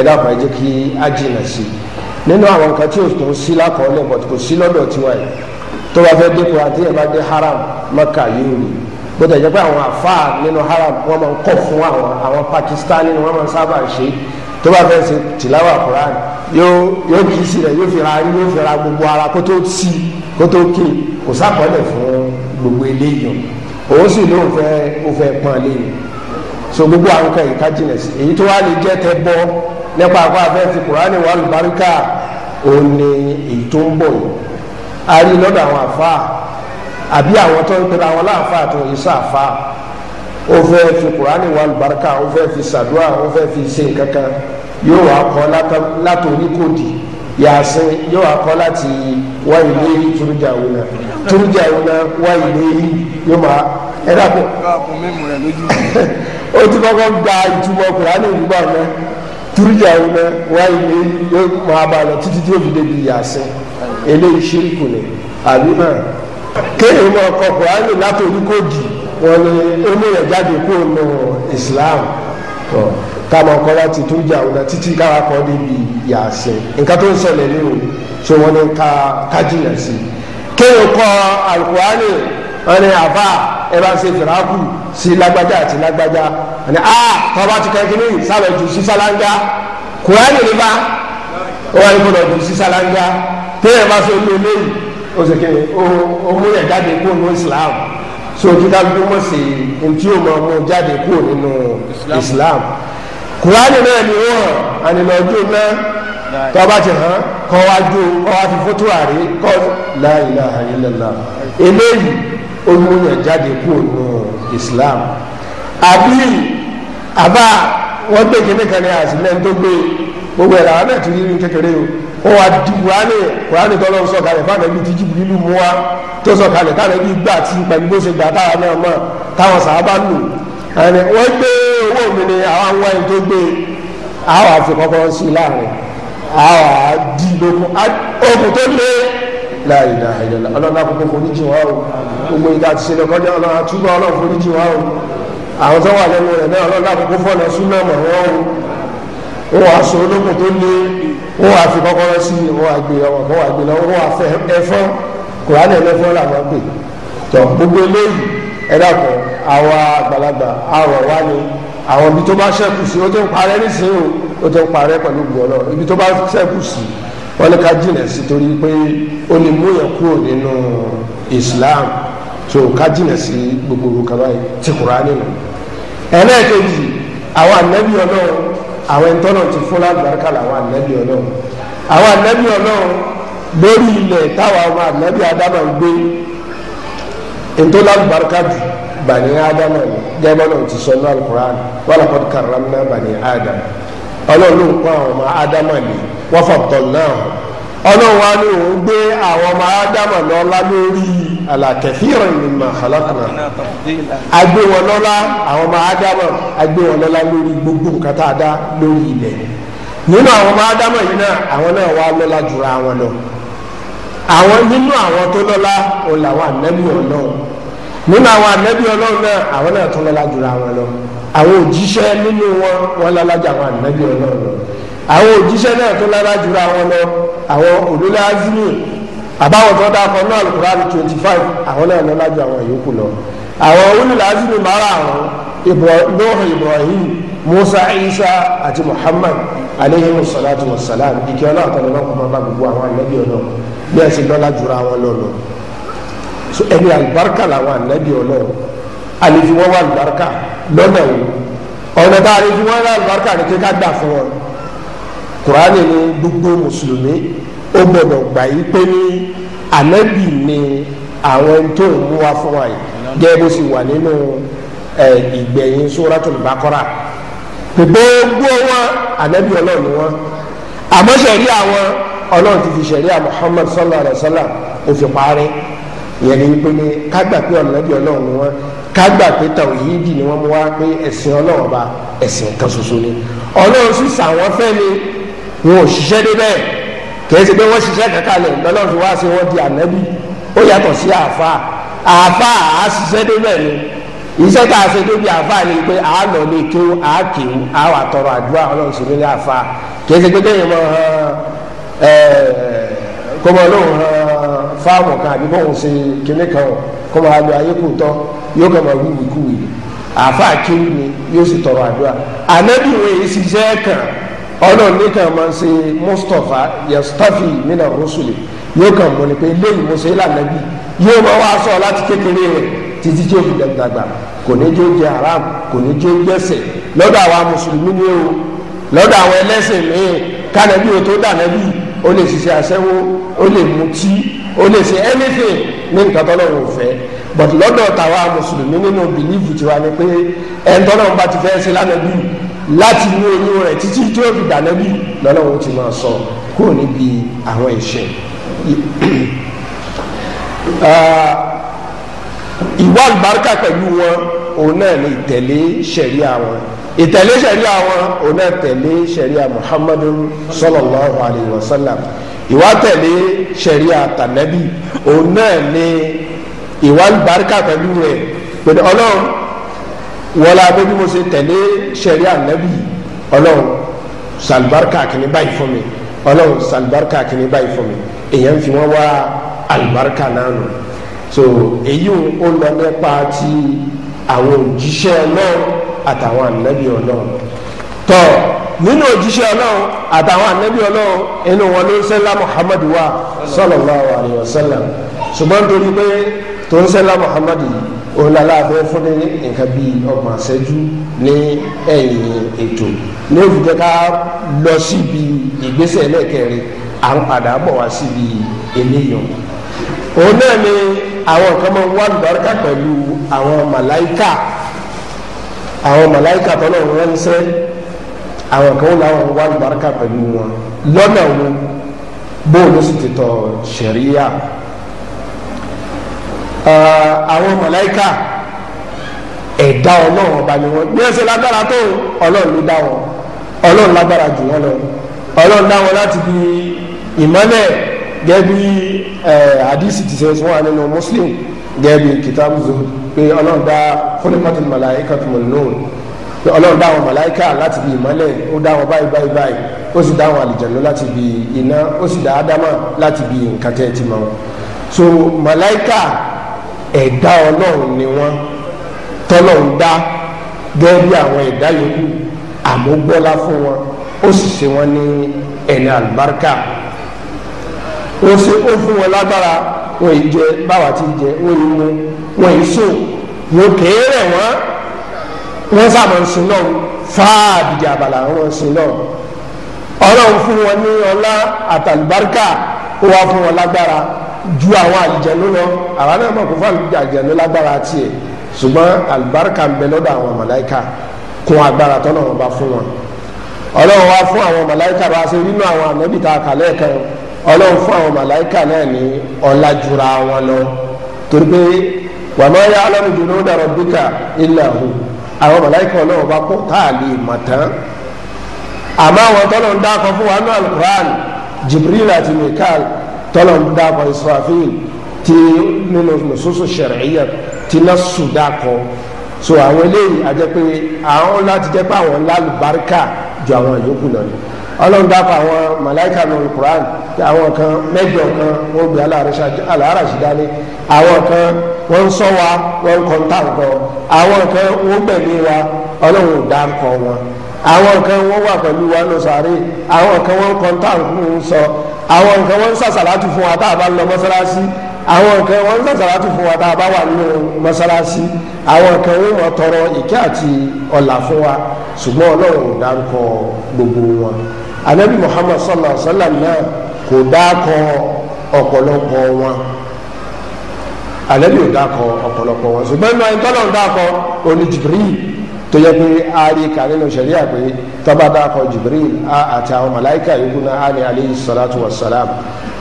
ẹ̀dá ọ̀pá ẹ̀jẹ̀ kí á jìnà sí i nínú àwọn nǹkan tí òtún sí lákọọ́lẹ̀ but kò sí lọ́dọ̀ tiwa yìí tó bá fẹ́ dé kùránì tí ẹ̀ bá dé haram mọ́kà yìí rí bó tẹ̀ jẹ́ pé àwọn àfáà nínú haram wọ́n máa ń kọ́ fún àwọn àwọn pakistani wọ́n máa ń sábà ṣe tó bá fẹ́ ṣe tìláwà kùránì yóò yóò kì í sí rẹ yóò fi ra yóò fi ra gbogbo ara kó tó sí kó tó ké kò sápọ̀lẹ̀ fún gbogbo eléyìí òun sì lóun fẹ́ ó fẹ́ pọ́n léyìí so gbogbo àwọn kan yìí ká jìnà sí èyí tó wá lè jẹ́ tẹ bọ́ nípa àpá afẹ́ fi kùránì wà lùbáríkà òun ni èyí tó ń bọ̀ yìí a rí lọ́dọ̀ àwọn àfáà àbí àwọn tó ń pera àwọn láàfáà tó yìí sáàfáà ó fẹ́ fi kùránì wà lùbáríkà ó fẹ́ fi sàdúrà ó fẹ́ fi ṣe nǹkan kan yóò wá kọ́ látòrí kò yàtọ̀ yóò wá kọ́ láti yìí wá ilé turujà wuna turujà wuna wá ilé yóò máa ẹ dàpọ̀. o <laughs> ti kọ́kọ́ gba ìtumọ̀ kùránì ìdúgbò àná turujà wuna wá ilé yóò máa bá lọ títí tí o fi débi yàsẹ́ eléyìí ṣírìkù ni àbí náà kéèyàn máa kọ kùránì látòrí kò jì wọn ni oníyàn jáde kúrò nù Islam ká máa kọ́ láti turujà wuna títí káwa kọ́ débi yàsẹ́ nǹkan tó ń ṣẹlẹ̀ ní ṣé wọ́n ní ká kájìnà sí i kéèyàn kọ́ alukurani wọ́n ní àbá ẹ bá ń ṣe fìràkù sí lágbájá àti lágbájá wọ́n a tọ́ba ti kankini sábẹ̀ jù sí sálángá kurani ba? bá wọ́n ní gbọ́dọ̀ jù sí sálángá téèyàn bá ṣe olú eléyìí ó sì kéèyàn ó múlẹ̀ jáde kó ní Islam so kíkà gbọ́mọ̀ sí ntí o máa mú jáde kúrò nínú Islam kurani náà ni wọ́n ànilọ́jọ́ náà tó bá ti hàn kọ́ wá jó kọ́ wá fi fótó àrí kọ́ la ilaha illallah eléyìí olùyàn jáde kú ònú Islam àbí àbá wọ́n gbé kíní kan ní àsìlẹ́ni tó gbé gbogbo ẹ̀rọ àwọn náà ti rí ní kékeré o ó wá di kùránì kùránì tó lọ́wọ́ sọ̀kalẹ̀ fáwọn ẹbí tíjú lílu mú wa tó sọ̀kalẹ̀ táwọn ẹbí gbà tí pẹ̀lú bó ṣe gbà táwọn náà mọ̀ táwọn sàábà lù wọ́n gbé owó mi ni àwọn àwọn ẹni tó gbé àwọn àfikọ́kọ́ sí láàrin àwọn àdì lókun okùn tó lé láìda ìdọ̀lá ọlọ́run àkókò foríjì wá o gbogbo ìta ti ṣẹlẹ̀ kọjá ọlọ́run àtúbọ̀ ọlọ́run foríjì wá o àwọn tó wà lẹ́nu rẹ̀ náà ọlọ́run àkókò fọ́nà súnmọ́ mọ̀ wọ́n o wọ́n aṣọ olókùn tó lé wọ́n wà fi kọ́kọ́rọ́ sí wọ́n àgbè ọmọ kan wà gbé lọ wọ́n wà fẹ́ ẹ̀fọ́ kùránì ẹlẹ́fọ́ làwọn pè tọ́ gbogbo eléyìí ẹ̀dá kan àwa àgbàlagbà àwọ̀ wá ni àwọn ibi tó bá ṣẹ́kù sí ó tó ń parẹ́ nísìnyí ó tó ń parẹ́ pẹ̀lú gbọ́lọ́ ibi tó bá ṣẹ́kù sí wọ́n ní ká jìnà sí torí pé ó lè mú yẹn kúrò nínú Islam tó ká jìnà sí gbogbo nǹkan báyìí ti kura nínú. ẹlẹ́ẹ̀kejì àwọn ànábì ọlọ́run àwọn ẹ̀ńtọ́nà ti fún lágbàrúkà làwọn ànábì ọlọ́run àwọn ànábì ọlọ́run lórí ilẹ̀ táwọn ọmọ ànábì ń gbé ẹ̀ńtọ́ lágbàrúkà jù bani ádámà ni gẹ́gẹ́ bọ́lá ti sọ ní alukur'an wàlá kọ́ karamna bani ádámà ọlọ́run kọ́ àwọn ọmọ ádámà ni wọ́n fọ̀tọ̀ náà ọlọ́run wa ni òun gbé àwọn ọmọ ádámà lọ́lá lórí alakẹ́fìrì mimma khalaqna agbé wọn lọ́lá àwọn ọmọ gbogbo nǹkan tá a dá lórí ilẹ̀ nínú àwọn ọmọ yìí náà àwọn náà wà àwọn lọ àwọn nínú àwọn tó nínú àwọn ànábì ọlọ́run náà àwọn náà tún lọ́lá jùlọ àwọn lọ àwọn òjíṣẹ́ nínú wọn wọn lọ́lájà àwọn ànábì ọlọ́run lọ àwọn òjíṣẹ́ náà tún lọ́lá jùlọ àwọn lọ àwọn olólè azimi àbáwọn tó dákọ náà alukurani twenty five àwọn náà lọ́lá jù àwọn yòókù lọ àwọn olólè azimi mara àwọn ibrahim ibrahim musa isa àti muhammad aleyhi salatu wa salam ìkẹ́ ọlọ́run àtàlẹ́ náà kọ́ máa bá gbogbo àwọn ànábì ọlọ́run so ẹni àlùbáríkà làwọn ànábì ọlọ́run àlejò wọn wà àlùbáríkà lọ́nà o ọ̀nà tá àlejò wọn wà àlùbáríkà ni kí ká gbà fún wọn kùránì ni gbogbo mùsùlùmí ó gbọdọ̀ gbà yí pé ní ànábì ni àwọn tó ń mú wa fún wa yìí gẹ́gẹ́ bó sì wà nínú ìgbẹ̀yìn suratul baqara gbogbo wọn ànábì ọlọ́run ni wọn àmọ́ sẹ̀rí àwọn ọlọ́run ti fi sẹ̀rí Muhammad sallallahu alayhi wa sallam òfin parí ìyẹn ni wípé ní kágbà pé ọ̀nà bí ọlọ́run ni wọ́n kágbà pé tàwíìdì ni wọ́n mú wá pé ẹ̀sìn ọlọ́run bá ẹ̀sìn kan ṣoṣo ni ọlọ́run sì sàwọn fẹ́ ni wọn ò ṣiṣẹ́ débẹ̀ kìí ṣe pé wọ́n ṣiṣẹ́ kankanlẹ̀ lọ́lọ́run fi wá sí wọn di ànábì ó yàtọ̀ sí àáfà àáfà á ṣiṣẹ́ débẹ̀ ni iṣẹ́ tá a ṣe débi àáfà ni pé àá lọ lè tó àá kéwù àá wà tọrọ àdúrà ọlọ́run sì nílé àáfà kìí ṣe pé kéèyàn mọ̀ ẹ̀ kọ́mọ ọlọ́run hàn fáàmù kan àbí bóun ṣe kíní kan kó máa lo ayé kò tọ́ yóò kàn máa wíwì kú wìí àáfàá kéwì ni yóò sì tọrọ àdúrà ànábì wo èyí ṣiṣẹ́ kan ọlọ́run ní kan máa ń ṣe mustapha yastafi mina rusuli yóò kàn mọ́ ni pé léyìn mọ́sẹ̀ ìlànàbí yóò máa wá sọ láti kékeré rẹ̀ títí tí ó fi dàgbà kò ní jó jẹ haram kò ní jó jẹsẹ̀ lọ́dọ̀ àwa mùsùlùmí ni o lọ́dọ̀ àwọn ẹlẹ́sìn mi kánàbí o tó dànàbí o lè ṣiṣẹ́ aṣẹ́wó o lè mutí o lè ṣe anything ní nǹkan tọ́lọ́run ò fẹ́ but lọ́dọ̀ tàwa mùsùlùmí nínú bìlífù tiwa ni pé ẹni tọ́lọ́run bá ti fẹ́ ṣe lánàbí láti inú oyún rẹ̀ títí tí ó fi dànàbí lọ́lọ́run ti máa sọ kúrò níbi àwọn ẹ̀ṣẹ̀ <clears throat> ah, ìwà àlùbáríkà pẹ̀lú wọn òun náà ni ìtẹ̀lé ṣẹ̀ríà wọn ìtẹ̀lé sẹ̀ríà wọn òun náà tẹ̀lé sẹ̀ríà muhammadu sallallahu alayhi wa sallam ìwà tẹ̀lé sẹ̀ríà tànàbí òun náà ní ìwà barika pẹ̀lú rẹ̀ pẹ̀lú ọlọ́run wọlé abẹ́bí mo ṣe tẹ̀lé sẹ̀ríà nàbí ọlọ́run salibarika kìíní báyìí fún mi ọlọ́run salibarika kìíní báyìí fún mi èèyàn fi wọ́n wá alibarika náà nù so èyí ò ń lọ nípa ti àwọn òjíṣẹ́ náà àtàwọn ànábì ọlọ́run tọ́ nínú òjíṣẹ́ ọlọ́run àtàwọn ànábì ọlọ́run inú wọn ló ń sẹ́lá muhammad wa sallallahu alayhi wa sallam ṣùgbọ́n torí pé tó ń sẹ́lá Muhammadu. òun la láàfin fún ní nǹkan bíi ọgbọ̀n àṣẹjú ní ẹ̀yìn ètò ní òfìdẹ́ ká lọ síbi ìgbésẹ̀ ẹlẹ́kẹrin à ń padà bọ̀ wá síbi eléyìí òun náà ni àwọn kan máa ń wá lùbáríkà pẹ̀lú àwọn màláìkà àwọn màláìkà tọ́lọ̀ ń ránṣẹ́ àwọn kan ó láwọn wá lùbáríkà pẹ̀lú wọn lọ́nà wọn bóun ló sì ti tọ̀ ṣẹ̀ríyà àwọn màláìkà ẹ̀dá ọlọ́run ọba ni wọ́n bí ẹsẹ̀ lágbára tó ọlọ́run ló dá wọn ọlọ́run lágbára jù wọ́n lọ ọlọ́run dá wọn láti bí ìmọ́lẹ̀ gẹ́gẹ́ bí àdìsí ti ṣe fún wa nínú Muslim gẹ́gẹ́ bí kitabu zuhud pé ọlọ́run dá kọ́lẹ́mọ́tì màláìka tó mọ̀ lóhùn pé ọlọ́run dá àwọn màláìka láti bí ìmọ́lẹ̀ ó dá wọn báyìí báyìí báyìí ó sì dá àwọn àlìjànú láti bí iná ó sì dá ádámà láti bí nǹkan ti mọ̀ wọn. so màláìka ẹ̀dá ọlọ́run ni wọ́n tọ́lọ́run dá gẹ́gẹ́ bí àwọn ẹ̀dá yòókù àmúgbọ́lá fún wọn ó sì ṣe wọn ní ẹni àlùbáríkà ó ṣe ó fún wọn lágbára wọn ì jẹ báwa ti jẹ wọn ì mu wọn ì sùn wọn kéèrè wọn wọn sábà ń sin náà fáàdìjà àbàlà wọn sin náà ọlọ́run fún wọn ní ọlá àtàlùbáríkà ó wá fún wọn lágbára ju àwọn àlìjẹ̀nu lọ àwa náà mọ̀ kó fún àlìjẹ̀nu lágbára tiẹ̀ ṣùgbọ́n àlùbáríkà ń bẹ lọ́dọ̀ àwọn màláíkà kún agbára tọ́lọ́run bá fún wọn ọlọ́run wá fún àwọn màláíkà bá ṣe nínú àwọn ànábì tá a ọlọ́run fún àwọn màláìkà náà ní ọlá jura wọn lọ torí pé wa ma ya'lamu junuda rabbika illa hu àwọn màláìkà ọlọ́run bá pọ̀ tá a lè mọ̀ tán àmọ́ àwọn tọ́lọ̀ ń dákọ̀ fún wa ní alukuran jibril àti mikael tọ́lọ̀ ń dákọ̀ israfil ti nínú nususu shar'iyya ti náà sùn dákọ̀ so àwọn eléyìí àjẹpé àwọn láti jẹ́ pé àwọn lálùbáríkà ju àwọn yòókù lọ ni ọlọ́run dákọ̀ àwọn màláìka nínú Quran àwọn kan mẹ́jọ kan wọ́n gbé alárasì dání àwọn kan wọ́n ń sọ wa wọ́n ń kọ́ńtà nǹkan àwọn kan wọ́n gbẹ̀mí wa ọlọ́run dá nǹkan wọn àwọn kan wọ́n wà pẹ̀lú wa lọ sàárè àwọn kan wọ́n ń kọ́ńtà nǹkan sọ àwọn kan wọ́n ń sàṣàlátù fún wa tá a bá lọ mọ́sálásí àwọn kan wọ́n ń sàṣàlátù fún wa tá a bá wà nínú mọ́sálásí àwọn kan wọ́n wọ́n tọrọ ìkẹ́ àti ọ̀là fún wa ṣùgbọ́n ọlọ́run dárúkọ gbogbo wọn anabi muhammad sallallahu alaihi wa sallam náà kò dákọ ọ̀pọ̀lọpọ̀ wọn anabi ò dákọ ọ̀pọ̀lọpọ̀ wọn ṣùgbọ́n inú ayé tọ́lọ̀ ń dákọ oní jibril tó yẹ pé ari kà nínú sẹ̀ríà pé tọ́ba dákọ jibril àti àwọn màláìkà yòókù náà á ní salatu wa salam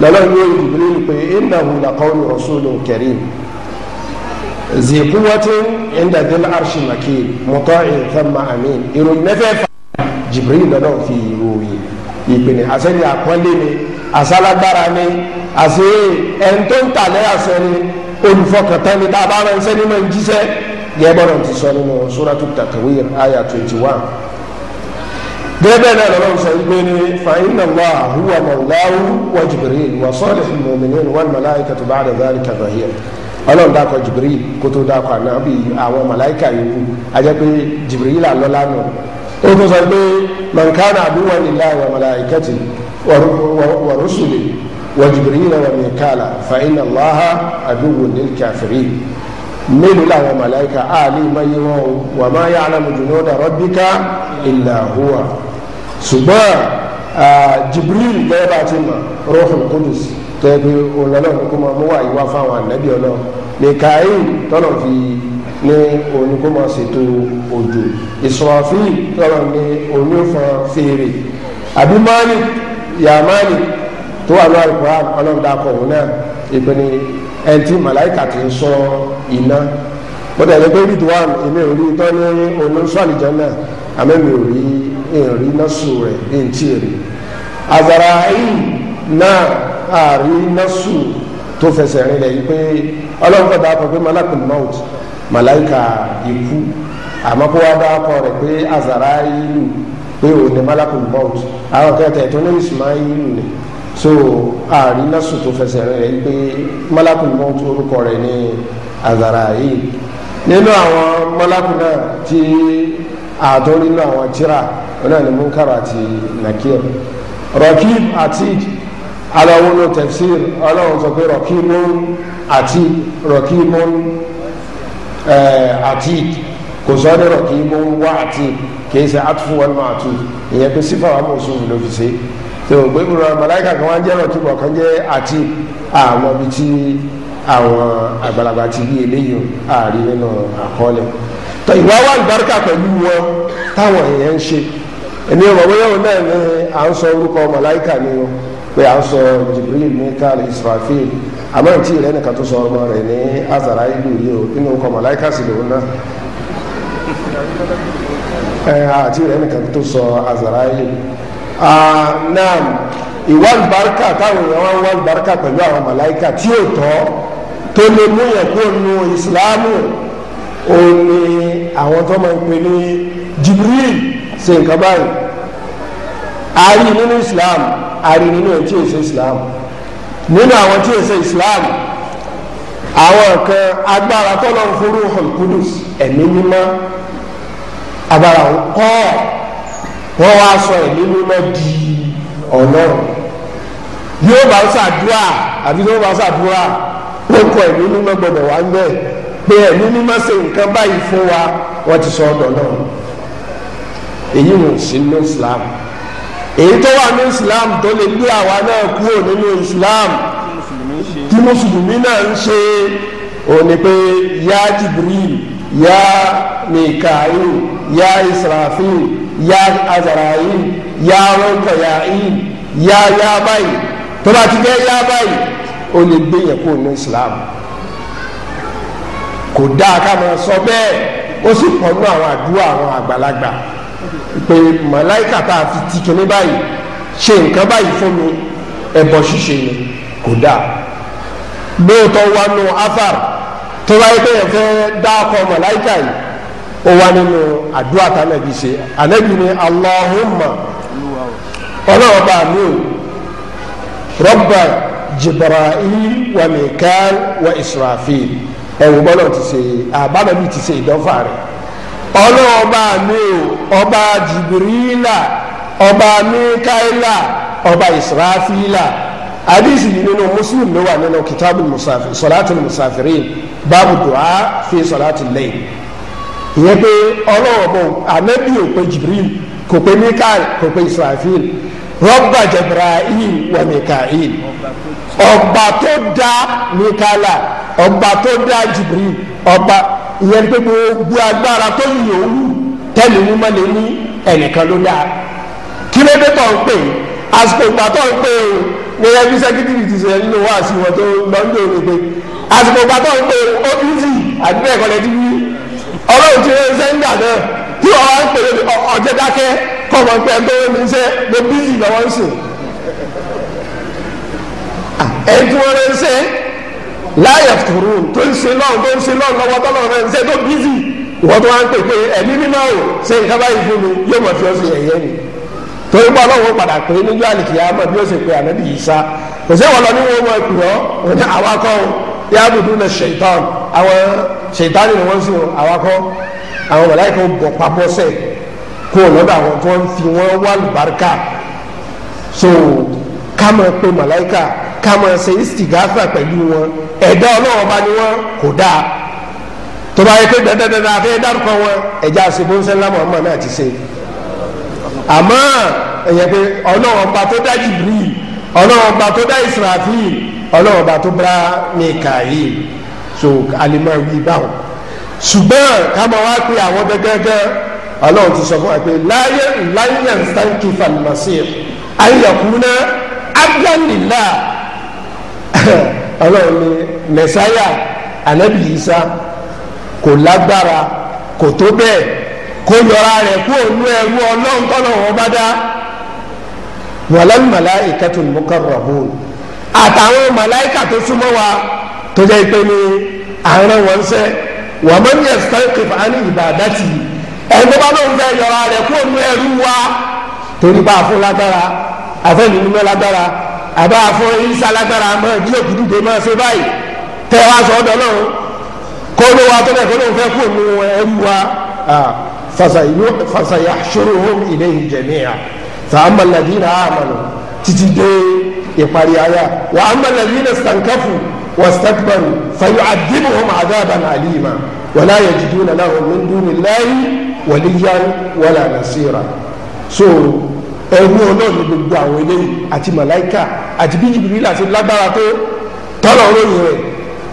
lọ́lọ́ ní jibril pé innahu laqawlu rasulun karim zi quwwatin inda dhil arshi makin muta'in thumma amin ìròyìn mẹ́fẹ̀ẹ́fà jibril lọ́lọ́ fi ìròyìn ìpinnu àṣẹni àpọ́nlé ni àṣalágbára ni àṣe ẹni tó ń tàlẹ́ àṣẹ ni olùfọkàntán ni tá a bá rán iṣẹ́ nínú ìjíṣẹ́ yẹ bọ́dọ̀ ti sọ nínú sóràtú Takwir àyà twenty one gẹ́gẹ́ náà lọ́wọ́ sọ wípé ni fa inna Allaha huwa mawlahu wa Jibril wa salihul mu'minin wal malaikatu ba'da dhalika zahir ọlọ́run dákọ̀ Jibril kótó dákọ̀ ànábì àwọn màláìka yòókù ajẹ́ pé Jibril là lọ́lá ó tún sọ pé mankana aduwa lillahi wa malaikati wa rusuli wa jibril wa mikala fa inna allaha aduwwun lil kafirin mélòó làwọn màláìka àlè mayé wọn o wà má ya'lamu junuda rabbika illa huwa ṣùgbọ́n jibril gẹ́gẹ́ bá ti mọ̀ ruhul qudus tẹ́bi òun lọ́nà kó máa fáwọn ànábì ọlọ́ọ̀ mikael fi ní onígbòmọ ṣètò òjò ìsọ̀ràfíì lọ́rọ̀ ní onífọ̀n fèrè àbí mánì yàmánì tó wà ní alukoran ọlọ́dàkọ̀ òun náà ìpinnu ẹni tí màláìkà ti ń sọ iná bọ́dà ẹni pé ridwan èmi ò rí tọ́ ní oníṣọ́ àlìjọ náà àmẹ́mi ò rí ìrìn nọ́ọ̀sù rẹ̀ ní ti èrè àzàrà yìí náà àrí nọ́ọ̀sù tó fẹsẹ̀ rìn lẹ́yìn pé ọlọ́run kọ́ dáa kọ́ pé malakul maut màláìka ikú àmọ́ kó wá bá kọ azara ìlú pé òun ni malakul maut àwọn kẹtẹ tó ní ismailu ni so ààrin násù tó fẹsẹ̀ rẹ̀ pé malakul maut orúkọ rẹ̀ ní azara yìí nínú àwọn malaku náà tí àtọ́ nínú àwọn tíra náà ni munkar àti nakir rakib àti aláwọn tafsir ọlọ́run sọ pé rakibun àti rakibun àtìk eh, kò sọ ọ́ dẹ̀rọ̀ kì í mú wá àtìk kì í ṣe àtúfún wọn máa tù ìyẹn pé sífà wà mọ̀ sùn ló fi ṣe tó o gbé ìmúra màláìka kan wá ń jẹ́ rọ̀kì kọ̀ọ̀kan jẹ́ àtìk àwọn ibi tí àwọn àgbàlagbà ti rí eléyìí ààrí nínú àkọọ́lẹ̀ tó ìwà wà lùbáríkà pẹ̀lú wọn táwọn èèyàn ń ṣe èmi ò mọ̀ bóyá náà ni à ń sọ orúkọ màláìka ni o pé à ń sọ Jibril Mikael Israfil àmọ́ ìtì rẹ̀ nìkan tó sọ ọmọ rẹ̀ ní azara ìlú yìí o inú nǹkan mọ̀láìkà sì lòun náà àti rẹ̀ nìkan tó sọ azara ìlú. naam ìwà àlùbáríkà táwọn èèyàn wá ń wá àlùbáríkà pẹ̀lú àwọn mọ̀láìkà tí ò tọ́ tó lè mú yẹn kó nu ìsìláàmù ó ní àwọn tó máa ń pè ní Jibril ṣe nǹkan báyìí a rí nínú Islam a rí nínú ẹ̀ tí ò ṣe Islam nínú àwọn tí èsè islam àwọn kan agbára tọ́lọ̀ ń forú al-Qudus ẹ̀mí mímọ́ agbára ń kọ́ wọ́n wá sọ ẹ̀mí mímọ́ di ọlọ́run yóò bá ń ṣàdúrà àbí yóò bá ń ṣàdúrà ó kọ ẹ̀mí mímọ́ gbọ́dọ̀ wá ń bẹ̀ pé ẹ̀mí mímọ́ ṣe nǹkan báyìí fún wa wọ́n ti sọ ọ̀dọ̀ náà èyí ò sí ní islam. No èyí tó wà ní islam tó lè gbé àwa náà kúrò nínú islam tí mùsùlùmí náà ń ṣe ó ní pé ya jibril ya mikael ya israfil ya azarail ya rọkọyail ya yabai tó bá ti jẹ́ yabai ó lè gbé yẹn kúrò nínú islam kò dáa ká máa sọ bẹ́ẹ̀ ó sì pọ̀ nínú àwọn àdúrà àwọn àgbàlagbà pé màláìkà tá a fi ti kinní báyìí ṣe nǹkan báyìí fún mi ẹbọ ṣíṣe ni kò dáa lóòótọ́ wa nù afar tó wáyé pé yẹn fẹ́ dáàkọ màláìkà yìí ó wá nínú àdúrà tánàbí ṣe ànábì ni Allahumma ọlọ́run bá mi ò rọ́bà Jibril wa Mikael wa Israfil ẹ̀wù bọ́lọ̀ ti ṣe àbábẹ́bí ti ṣe ìdánfà rẹ̀ ọlọ́ọ̀ba mi o ọba jìbìrìlà ọba mikaela ọba israfila hadisi yìí nínú muslim ló wà nínú kitabu musafir sọláàtì musafirin báàbù dùá fi sọláàtì lẹ́yìn ìyẹn pé ọlọ́ọ̀bọ anabi ò pé jibril kò pé mikael kò pé israfil rọba jabra'il wa mikael ọba tó dá mikaela ọba tó dá jibril ọba ìyẹn ni pé gbogbo agbára tó yìí òwú tẹ́lẹ̀ mú mọ́ lé ní ẹnìkan ló dáa kí ló dé tó ń pè àsìkò ìgbà tó ń pè ní ẹbí sẹ́kítìrì ti sẹ́yìn nínú wá sí wọn tó lọ ń dòwe pé àsìkò ìgbà tó ń pè ó ń sì àdúrà ẹ̀kọ́ lẹ́tí bí ọlọ́run ti rẹ́ sẹ́ńdà náà tí wọ́n wá ń pè ọjọ́ dákẹ́ kọ́ wọn pé ẹgbẹ́ wọn ní sẹ́ ló bí láyà fúrú tó ń ṣe lọ́run tó ń ṣe lọ́run lọ́wọ́ tọ́lọ́run rẹ̀ ń ṣe tó bízì ìwọ́n tó wá ń pè pé ẹ̀mí mímọ́ ò ṣe nǹkan báyìí fún mi yóò mọ̀ fi ọ́ sí ẹ̀yẹ́ ni torí pé ọlọ́run padà pé níjọ́ àlìkìyà mọ̀ bí ó ṣe pé ànábì yìí sá kò sí ìwọ̀n lọ ní wọn wọn kùrọ̀ òun ní awakọ̀ yábùdú na ṣèitán àwọn ṣèitán ni wọ́n ń sìn awakọ̀ àwọn mọ̀láìkà ó bọ̀ pamọ́ sẹ̀ kó lọ́dọ̀ àwọn so ká mọ̀ pé mọ̀láìkà ká máa ṣe istigasa pẹ̀lú wọn ẹ̀dá ọlọ́wọ́n bá ní wọn kò dáa tó bá yẹ pé dandandandan afẹ́ dárúkọ wọn ẹ̀já àṣebọ́nsẹ́ lámọ̀ ọmọ náà ti ṣe àmọ́ ẹ̀yẹ pé ọlọ́wọ́n bá tó dá Jibril ọlọ́wọ́n bá tó dá Israfil ọlọ́wọ́n bá tó bá Mikail so alimọ̀ wí báwọn ṣùgbọ́n ká máa wá pé àwọn gẹ́gẹ́gẹ́ ọlọ́run ti sọ fún wa pé láyé láyé stankifa al-Masih ayé kúná abdulilá ọlọ́run ni mẹ̀sáyà ànábì kò lágbára kò tó bẹ́ẹ̀ kó yọra rẹ̀ kó ònú ẹrú ọlọ́run tọ́nà wọn bá dá wàlẹ́ màláìkatul mukarrabun àtàwọn màláìka tó súnmọ́ wa tó jẹ́ pé ní àárẹ̀ wọn sẹ́ wà mọ́ ní ẹ̀sán kẹfà á ní ìbàdàtì ẹ̀gbọ́n bá lóun yọra kó ẹrú wa torí bá a fún lágbára àbá fún isa lágbára mọ́ ìdílé kùdùdé máa ṣe báyìí tẹ́ wá sọ ọ́dọ̀ náà kó ló wa tó bẹ̀ kó ló ń fẹ́ kó nu ẹrú wa fasaya ṣuruhum ilayhi jami'a fa amma alladhina amanu títí dé ìparí ayá wa amma alladhina stankafu wastakbaru fayu'adhibuhum adhaban alima wala yajiduna lahum min dunillahi waliyan wala nasira so ẹ̀mí ọlọ́ọ̀ni gbogbo àwọn eléyìí àti màláìkà àti bí jìbìrìlà ti lágbára tó tọ́lọ̀ ròyìn rẹ̀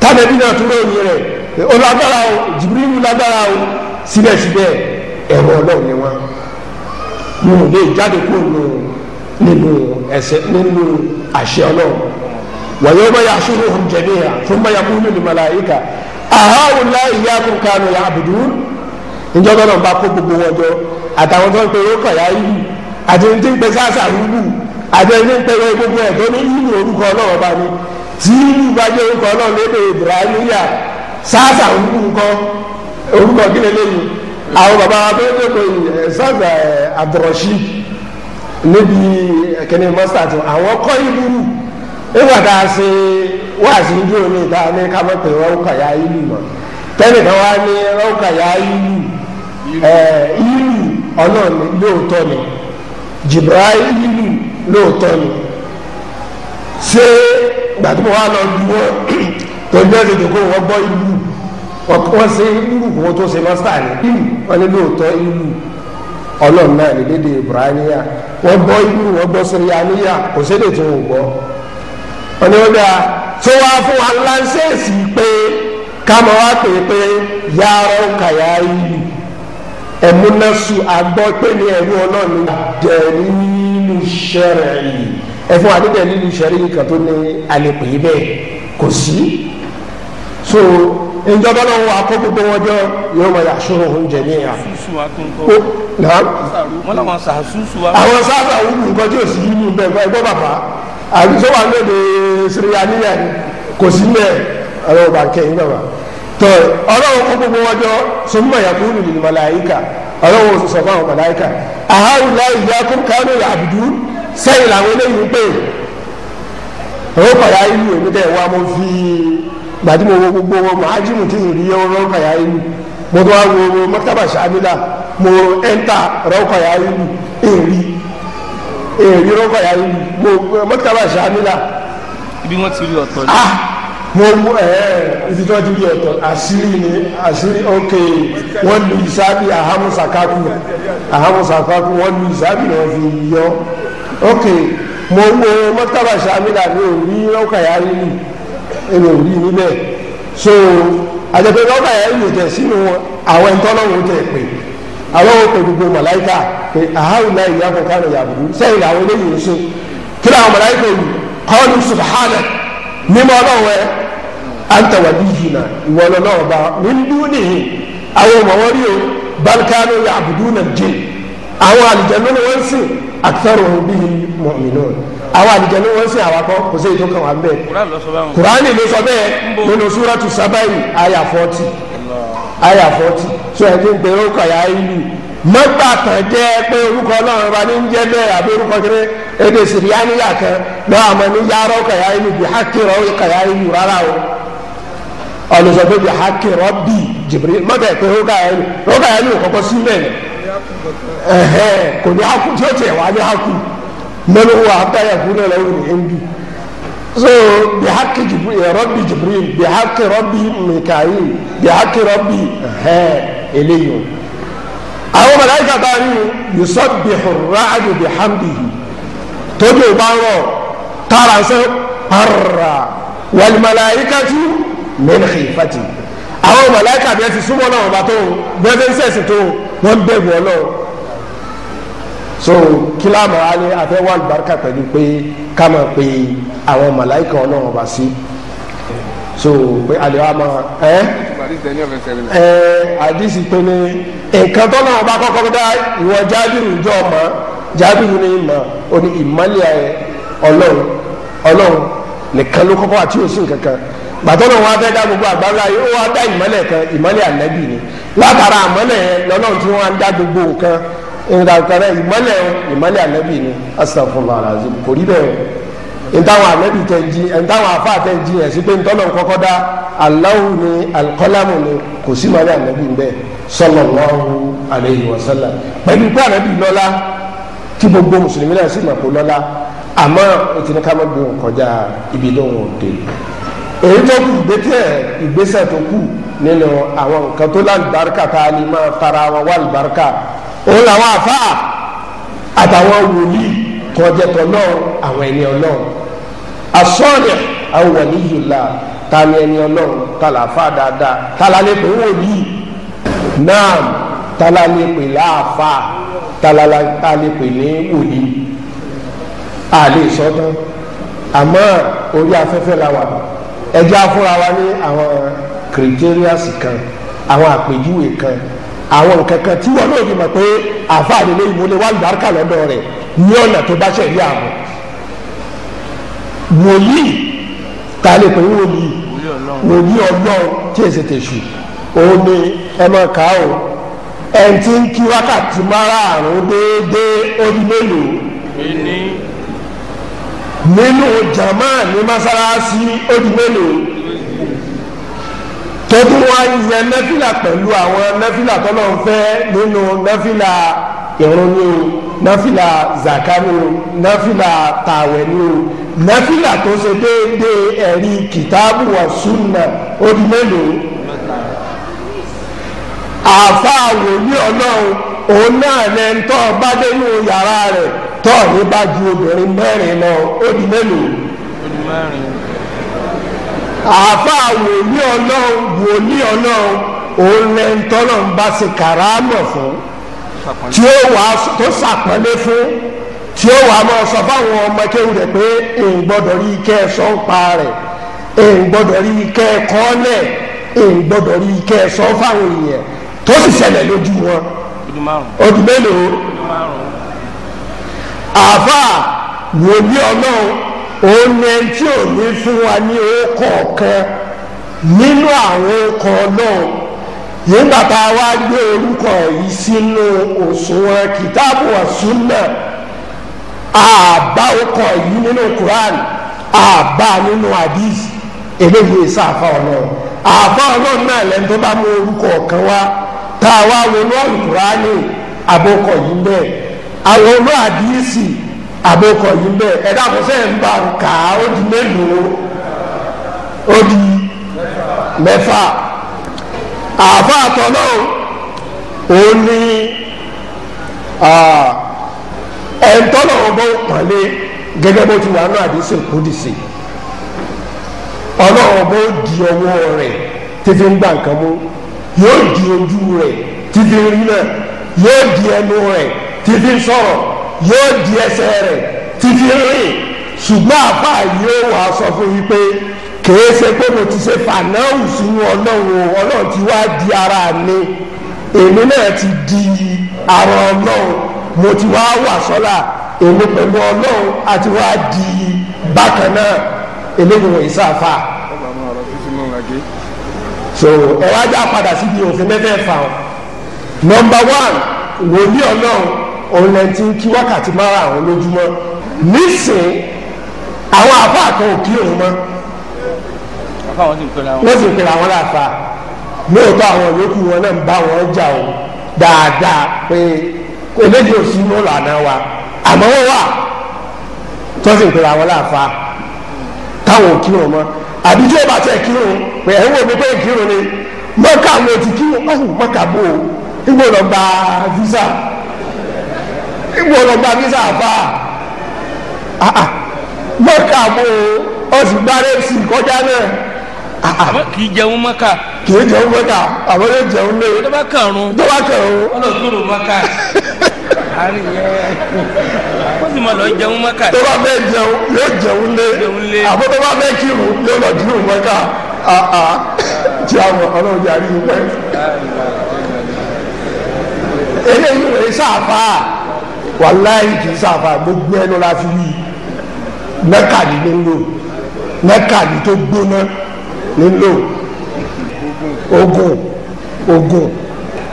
tánẹ́bí náà tún ròyìn rẹ̀ ó lágbára o jìbìrìlù lágbára o síbẹ̀síbẹ̀ ẹ̀rọ ọlọ́ọ̀ ni wọn mo lè jáde kó nínú ẹsẹ̀ nínú àṣẹ ọlọ́ọ̀ wàyẹ̀ ọmọ yà sọ̀rọ̀ ọ̀hún jẹ̀mí yà fún mọ̀ yà kú nínú màláìkà àhàwùn láì yà kó gbogbo àti ẹni tí ń pẹ sáàsà rúlù àti ń pẹ wẹ gbogbo ẹ̀ tó ní orúkọ ọlọ́run bá ní tí ìlú bá orúkọ lédè Ibrahimiya sáàsà orúkọ kí àwọn eh, sáàsà eh, níbi eh, tó àwọn ìlú tá a ṣe ní ìta ní rọ́ọ̀kà yá ìlú mọ̀ ní rọ́ọ̀kà yá ìlú ìlú lóòótọ́ ni. Jibrailu lóòótọ́ ni ṣé gbàtí mo wá lọ du wọn tọ́jú ẹ̀sìn tó kó wọ́n gbọ́ ìlú wọ́n ṣe ìlú kò tó ṣe mọ́sítà ni wọ́n ní lóòótọ́ ìlú ọlọ́run náà ní dédé Ibrahima wọ́n gbọ́ ìlú wọ́n gbọ́ sẹ̀yàníyà kò sédè tó wọ́n gbọ́ wọ́n ní wọ́n dà tó wá fún wa láńṣẹ́ẹ̀sì pé ká mọ̀ wá pè é pé yàrá ó kà yá ìlú ẹ̀múnásù àgbọ́ pé ní ẹ̀rú ọlọ́run dẹ̀rí nínú ṣẹ̀rẹ̀ yìí ẹ̀fún àdídẹ̀ nínú ṣẹ̀rẹ̀ yìí kan tó ní àlepè bẹ́ẹ̀ kò sí. so ìjọba náà wà kó gbogbo wọn jọ yóò máa yà sọ̀rọ̀ oúnjẹ ní ìhà. àwọn sáàsà wúlù nǹkan tí ò sí yìí nù bẹ́ẹ̀ gbọ́ bàbá àbí sọ́wọ́n lóde síríyà níyà kò sí mẹ́ẹ̀ ọlọ́wọ́ bá ń kẹ́yìn tó ọlọ́run kó gbogbo wọn jọ sọmọ yàgò lùlù màláyíkà ọlọ́run sọ fún àwọn ya àhàrù láì yá kó kánú sẹ́yìn làwọn eléyìí ń pè ọwọ́ ìlú èmi dẹ̀ wá mo fi gbàdí mo wo gbogbo wọn mọ ájímù tí ìrì yẹn ọlọ́run pàyà ìlú mo tó wá wo mọ́tàbà sàmìlà mo ẹ́ńtà ìlú èrí èrí ìlú ibi wọn ti rí ọtọ. mo mú ẹ ibi tí wọ́n ti rí ọ̀tọ̀ àṣírí ni àṣírí ok wọ́n lu ìsáàbì ahamu sakaku ahamu sakaku wọ́n lu ìsáàbì náà fi yọ ok mo wo mọ́tàbà sàmìlà mi ò rí ọkàyà rí mi èmi ò rí níbẹ̀ so àjẹpẹ́ ọkàyà rí mi tẹ̀ sínú àwọn ẹ̀ńtọ́lọ́wọ́ tẹ̀ pé àwọn òkòdùgbò màláìkà pé àhàwùlá ìyá kọ̀ọ̀kan rẹ̀ yàgùdù sẹ́yìn làwọn eléyìí ń ṣe kí làwọn màláìkà yìí kọ́ọ̀lù subhánà mímọ́ ọlọ́run ẹ̀ anta waliyina ìwọlọ náà bá min dunihi àwọn ọmọ wọn rí o balkanu ya'buduna jin àwọn àlìjẹnu ni wọn sìn aktharuhum bihim mu'minun àwọn àlìjẹnu wọn sìn àwọn akọ kò sí èyí tó kàn wá bẹ́ẹ̀ sọ suratu sábàyì àyà fọtì àyà fọtì sọ ẹni ń gbèrò kàyà ìlú mọ́gbàtàn jẹ́ pé orúkọ ọlọsọ pé bihaki rọbì jibril má bẹ́ẹ̀ pé rọgà ẹnu rọgà ẹnu kọkọ sí mẹni kò ní haku tí ó tiẹ̀ wá ní haku mẹnu wà abdaya kú náà lọ́wọ́ ní hindu so bihaki rọbì jibril eh, bihaki rọbì mikail bihaki rọbì eléyìí àwọn mọlẹ́kà bá rí yusabbihu ar-ra'du bihamdihi tójú bá ń rọ tààrà ń sẹ́ pàrà wal malaikatu min khifati àwọn mọ̀láìkà bí wọ́n ti súnmọ́ náà ọba tó gbẹ́sẹ̀nsẹ̀sì tó wọ́n bẹ̀rù ọlọ́run so kílámù alẹ́ afẹ́ wà lùbáríkà pẹ̀lú pé ká máa pe àwọn mọ̀láìkà ọlọ́run ọba sí so pé alẹ́ wa máa ẹ́ ẹ́ àdìsí tó ní nǹkan tó náà ọba kọ́kọ́ dá ìwọ jábìrì ìjọ ọmọ jábìrì ní ìmọ̀ ó ní ìmọ̀lẹ̀ ọlọ́run ọlọ́run nìkan ló kọ́kọ́ àti òsì nǹkan kan gbàtọ́nà wọn fẹ́ dá gbogbo àgbáńlá yìí ó wá dá ìmọ́lẹ̀ kan ìmọ́lẹ̀ ànábì ni látara àmọ́lẹ̀ yẹn lọ́nà tí wọ́n á dá gbogbo nǹkan nǹkan náà ìmọ́lẹ̀ ìmọ́lẹ̀ ànábì ni asàfùnmọ́ àràzù kò rí bẹ́ẹ̀ o ntáwọn ànábì tẹ jí ntáwọn afá tẹ jí ẹ̀ sí pé ntọ́nà kọ́kọ́ dá aláwo ni alikọ́lámù ni kò sí ìmọ́lẹ̀ ànábì bẹ́ẹ̀ sallallahu àmọ́ ètò ní wọn kọjá ibi lóhùn òde èyí tó kù gbẹ́tẹ̀ ìgbésẹ̀ tó kù nínú àwọn nǹkan tó lálùbáríkà tá a ní máa fara wọn wá lùbáríkà òun làwọn àfa àtàwọn wòlíì tọ́jẹ́tọ̀ náà àwọn ẹni ọlọ́run asọ́ọ̀nì àwọn wàlíyùlá ta ni ẹni ọlọ́run tàlàfà dáadáa tàlálẹ́pẹ̀ wòlíì náà tàlálẹ́pẹ̀ láàfà tàlálẹ́pẹ̀ ní wòlíì àlè sọ́tàn àmọ́ orí afẹ́fẹ́ la wà ẹjọ́ afúnra wa ní àwọn kìrìtẹ́ríàsì kan àwọn àpèjúwe kan àwọn nǹkan kan tí wọn náà fi mọ̀ pé àfáàní lè mú lé wà lùbáríkà lọ́dọ̀ rẹ̀ ní ọ̀nà tó bá ṣẹ̀rí àwọn wòlíì ta lè pè é wòlíì wòlíì ọlọ́run tí èsì tèṣù òun ni ẹ máa kà á o ẹni tí ń kí wákàtí márààrún déédéé ó di mélòó nínú jama ní masalasi odumelo tọdún wa yẹn nẹfìlà pẹ̀lú àwọn nẹfìlà tọ́lọ̀ ń nínú nẹfìlà ìrun ni o nẹfìlà zaka ni o nẹfìlà tàwẹ̀ ni o nẹfìlà tó ṣe déédéé ẹ̀rí kìtàbù wa sunna odumelo àfa wòlíọ̀ náà òun náà lẹ ń tọ́ bá dénú yàrá rẹ̀ tọ́ ní bá ju obìnrin mẹ́rin lọ ó di mélòó. àáfàá wòlíì ọlọ́run wòlíì ọlọ́run òun lẹ ń tọ́lọ̀ ń bá ṣe kàrámọ̀ fún tí ó wà tó ṣàpọ́nlé fún tí ó wà máa sọ fáwọn ọmọ kéwù rẹ̀ pé èèyàn gbọ́dọ̀ rí ikẹ́ ẹ̀sọ́ ń pa rẹ̀ èèyàn gbọ́dọ̀ rí ikẹ́ ẹ̀kọ́ lẹ̀ èèyàn gbọ́dọ̀ rí ikẹ́ ẹ̀sọ́ fáwọn èèyàn tó sì ṣẹlẹ̀ lójú wọn ọdún mélòó àfà wòlíì ọlọ́run òun ni ẹni tí ò ní fún wa ní orúkọ kan nínú àwọn orúkọ ọlọ́run nígbà tá a wá gbé orúkọ yìí sínú òṣùwọ̀n kìtàbù àsúnà àbá orúkọ yìí nínú Quran àbá nínú hadith eléyìí sáfà ọlọ́run àbá ọlọ́run náà lẹ́nu tó bá mú orúkọ kan wá. tá a wá alukurani àbókọ yìí bẹ́ẹ̀ àwọn olú àdìsí yìí bẹ́ẹ̀ ẹ̀dá àkọsẹ́ ń bá ń ó di mélòó ó di mẹ́fà àfa àtọ̀nà ó ní ẹ̀ńtọ́nà ọgbọ́n pọ̀lé gẹ́gẹ́ bó ti wà ní àdìsí kúdìsí bó di ọwọ́ rẹ̀ títí ń gbà yóò di ojú rẹ̀ títí rí náà yóò di ẹnu rẹ̀ títí sọ̀rọ̀ yóò di ẹsẹ̀ rẹ̀ títí rìn ṣùgbọ́n àbá yóò wá sọ fún yín pé kèé ṣe pé mo ti ṣe fànáwù sínú ọlọ́run ọlọ́run ti wá di ara mi èmi náà ti di ara ọlọ́run mo ti wá wà sọ́là èmi pẹ̀lú ọlọ́run àti wá di bákan náà eléyìí wọ̀nyí sáfà so ẹ wá já padà síbi òfin mẹ́fẹ̀ẹ̀fà o nọmba one wòlíì ọlọ́run òun lẹ́yìn tí ń kí wákàtí márùn-ún lójúmọ́ nísìn àwọn àfáà kan ò kí òun mọ́ wọ́n sì pèrè àwọn láàfà lóòótọ́ àwọn yòókù wọn náà ń bá wọn jà o dáadáa pé eléyìí ò sí inú ìlànà wa àmọ́ wọ́n wà tó sì pèrè àwọn láàfà káwọn ò kí òun mọ́ àbí tí o bá tẹ̀ kírun pé ẹ̀ ń wò mí pé kírun ni mọ́kà mo ti kírun ọ̀hún mọ́kà bò ó ìgbò lọ gba visa ìgbò lọ gba visa fa mọ́kà bò ó ọ̀sùn gbárẹ́ sí kọjá náà àmọ́ kì í jẹun mọ́kà. kì í jẹun mọ́kà àmọ́ yóò jẹun lé. tó bá kàrún. tó bá kàrún. ọlọ́dúnrún mọ́kà. <laughs> sì mọ̀ lọ jẹun mọ́kà. tó bá fẹ́ jẹun yóò jẹun lé àbó tó bá fẹ́ kírun yóò lọ kírun mọ́kà àà tí a mọ̀ ọlọ́run jẹ́ àríyìn pẹ́. eléyìí rẹ̀ sáfà wàláì kì í sáfà gbogbo ẹnu la fi wí mẹ́kà ní ló ń lò mẹ́kà ní tó gbóná ní lò ogun ogun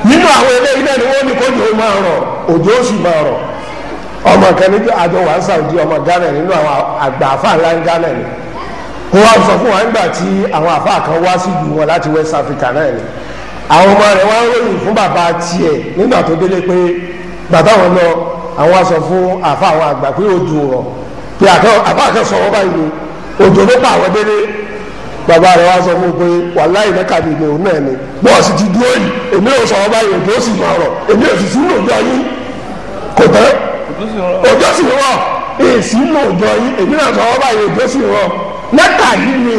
nínú àwọn eléyìí náà ni wọ́n ní kó jòó máa rọ̀ òjò sì máa rọ̀ ọmọ kan ní àjọ wà ń Saudi ọmọ Ghana nínú àwọn àgbà àfa ńlá ń Ghana ni wọn wá sọ fún wa nígbà tí àwọn àfa kan wá sí ìlú wọn láti West Africa náà ni àwọn ọmọ rẹ̀ wọn ròyìn fún bàbá tiẹ̀ nígbà tó délé pé bàbá wọn lọ àwọn wá sọ fún àfa àwọn àgbà pé òjò rọ̀ pé àfa kan sọ wọn báyìí ni òjò ló pa àwọn délé bàbá rẹ̀ wá sọ fún pé wàláì lẹ́ka mi ni òun náà ni bọ́ọ̀sì ti dúró yìí èmi ò sọ wọn báyìí òjò sì máa rọ̀ èmi ò sì sínú òjò ayé kò tán òjò sì ń rọ̀ èsì ló jọ yín èmi náà sọ wọn báyìí òjò sì ń rọ̀ lẹ́tà yìí ni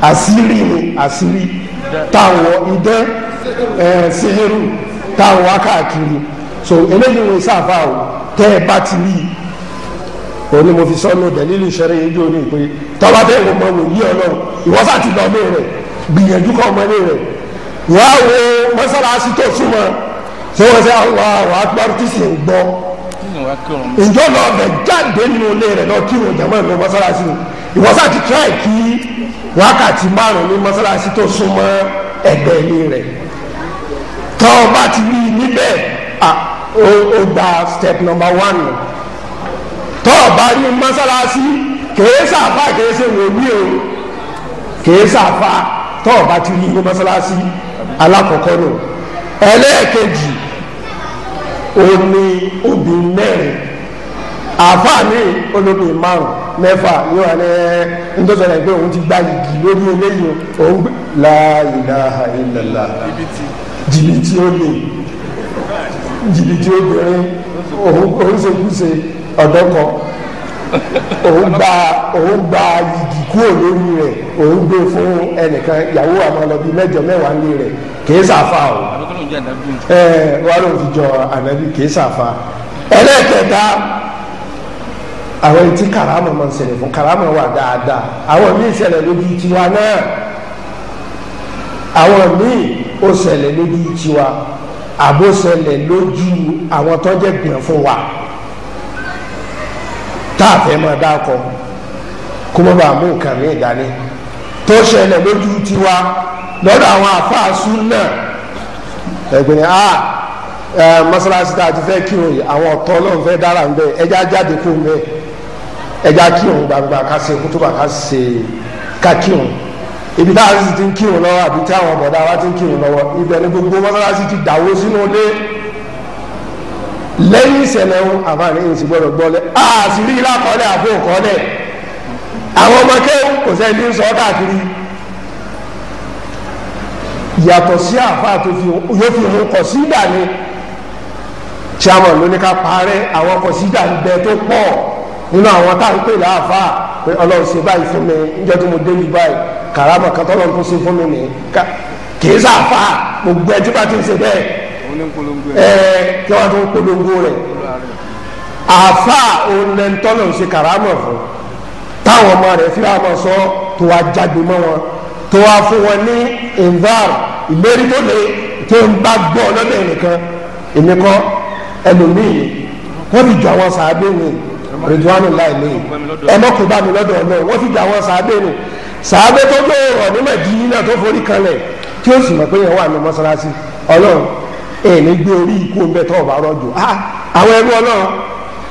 àṣírí ni àṣírí táwọ̀ idẹ́ ṣeheru táwọ̀ akáàkiri so eléyìí wọn sáfà o tẹ́ ẹ bá ti rí i òní mo fi sọ́nù dẹ̀lílì ìṣẹ̀rẹ̀ yìí dúró ní pé tọ́ba bẹ́ẹ̀ ló mọ wòlíì ọlọ́run ìwọ́sà ti lọ mí rẹ̀ gbìyànjú kọ́ ọmọ mi rẹ̀ wàá wo mọ́sálásí tó súnmọ́ tí wọ́n ṣe àwọn àwọn akpọ́rọ́ tí sì ń gbọ́ ǹjọ́ lọ bẹ̀ jáde nínú ilé rẹ̀ lọ kírun jàmọ́ ìlú mọ́sálásí ìwọ́sà ti tíráì kí wákàtí márùn-ún ní mọ́sálásí tó súnmọ́ ẹgbẹ́ ilé rẹ̀ tọ́ ọ bá ti rí i níbẹ̀ ó gba step number one tọ́ ọ bá rí mọ́sálásí kèé sàfà kèé ṣe wòlíì o kèé sàfà tọ́ ọ bá ti rí i Masalasi, mọ́sálásí alákọ̀ọ́kọ́ nù ẹlẹ́ẹ̀kejì òní obìnrin mẹ́rin àfààní olóbìnrin márùn mẹ́fà yóò wà ní ntọ́sọ̀rọ̀ ẹgbẹ́ òun ti gba igi lórí eléyìí òun gbé la ilaha illallah jìbìtì ó lè jìbìtì obìnrin òun ṣe kúṣe ọ̀dọ́kọ òun gba òun gba yìgì kúrò lórí rẹ̀ òun gbé fún ẹnìkan ìyàwó àmọ́ lọ bíi mẹ́jọ mẹ́wàá ń lé rẹ̀ kìí sàfà o ẹ wàá lóun fi jọ ànábì kìí sàfà ẹlẹ́kẹ̀ẹ́ta àwọn etí karama máa ń ṣẹlẹ̀ fún karama wà dáadáa àwọn míì ṣẹlẹ̀ lójú tiwa náà àwọn míì ó ṣẹlẹ̀ lójú tiwa àbó ṣẹlẹ̀ lójú àwọn tó jẹ́ gbìyànjú fún wa tá a fẹ́ máa dákọ kó má bàa mú nǹkan mi dání tó ṣẹlẹ̀ lójú tiwa lọ́dọ̀ àwọn àfáàsù náà ẹ̀gbìn a ah, mọ́sálásí tá a ti fẹ́ kírun yìí àwọn ọ̀tọ́ ọlọ́run fẹ́ dára ń bẹ ẹja jáde kó ń bẹ ẹja kírun gbàgbà ká ṣe kútúbà ká ṣe ká kírun ibi tá a ti ti ń kírun lọ́wọ́ àbí tí àwọn wa ti ń kírun lọ́wọ́ ibẹ̀ ni gbogbo mọ́sálásí ti dàwó sínú ilé lẹ́yìn ìṣẹ̀lẹ̀ ohun àfààní yìí sì gbọ́dọ̀ gbọ́lẹ̀ àṣírí lákọọ́lẹ̀ àbó kọ́lẹ̀ àwọn ọmọ kéwù kò sẹ́ni ń sọ káàkiri yàtọ̀ sí àfáà tó fi yóò fi hun kọ̀ sí ìdàní chairman ló ní ká parẹ́ àwọn kọ̀ sí ìdàní bẹ́ẹ̀ tó pọ̀ nínú àwọn tá à ń pè láàfáà pé ọlọ́run ṣe báyìí fún mi níjọ́ tí mo débi báyìí kàrámà kan tọ́lọ́run tó ṣe fún mi nìyí kì í sáà fà gbogbo ẹ kí wọn tó polongo rẹ àfa onẹntọ́lọ̀ ń ṣe karama fún táwọn ọmọ rẹ fi àmọ sọ tó wá jáde mọ́ wọn tó wá fún wọn ní invar ìlérí tó lè tó ń bá gbọ́ lọ́dọ̀ ẹnìkan èmi kọ́ ẹlòmíì wọ́n fi jọ àwọn sàábẹ́ mi láìlè ẹmọ kò bá mi lọ́dọ̀ ọ̀nà wọ́n fi jọ àwọn sàábẹ́ sàábẹ́ tó gbé ọ̀rọ̀ ní Mẹdínà tó forí kanlẹ̀ tí ó sì mọ̀ pé yẹn wà ní mọ́sálásí ọlọ́run ẹ̀ ní gbé orí ikú ń bẹ tọ́ ọba rọ́jò ah, àwọn ẹrú ọlọ́run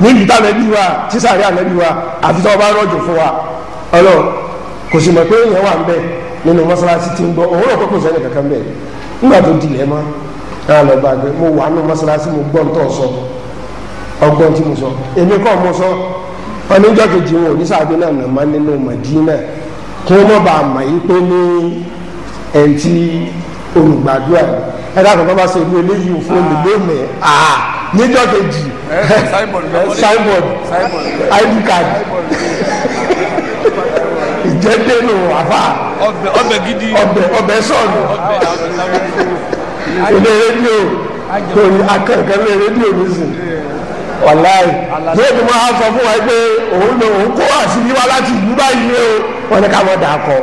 níbi tá ànábì wa sísàrí ànábì wa àfi tọ́ ọba rọ́jò fún wa ọlọ́run kò sì mọ̀ pé èèyàn wà ń bẹ nínú mọ́sálásí ti ń gbọ́ òun rò pé kò kankan bẹ̀ nígbà tó dilẹ̀ mọ́ náà lọ bá gbé mo wà nínú mọ́sálásí mo gbọ́ ntọ́ sọ ọgbọ́n tí mo sọ èmi kọ́ mo sọ oníjọ́ kejì wọn ò náà nàmá nínú Mádínà kí wọ́n bá mọ̀ yí pé ní ẹ dákun bá ṣe ìlú eléyìí fún olùgbòmí níjọ́ kejì signboard id card ìjẹ́dẹ́nu àfa ọbẹ̀ gidi ọbẹ̀ sọ̀nù ilé rédíò lórí akẹ́kẹ́ lórí rédíò mi sìn wàláì yóò tún máa sọ fún wa pé òun ló òun kó àṣírí wá láti ìlú báyìí o wọn ni ká mọ̀ dà kọ́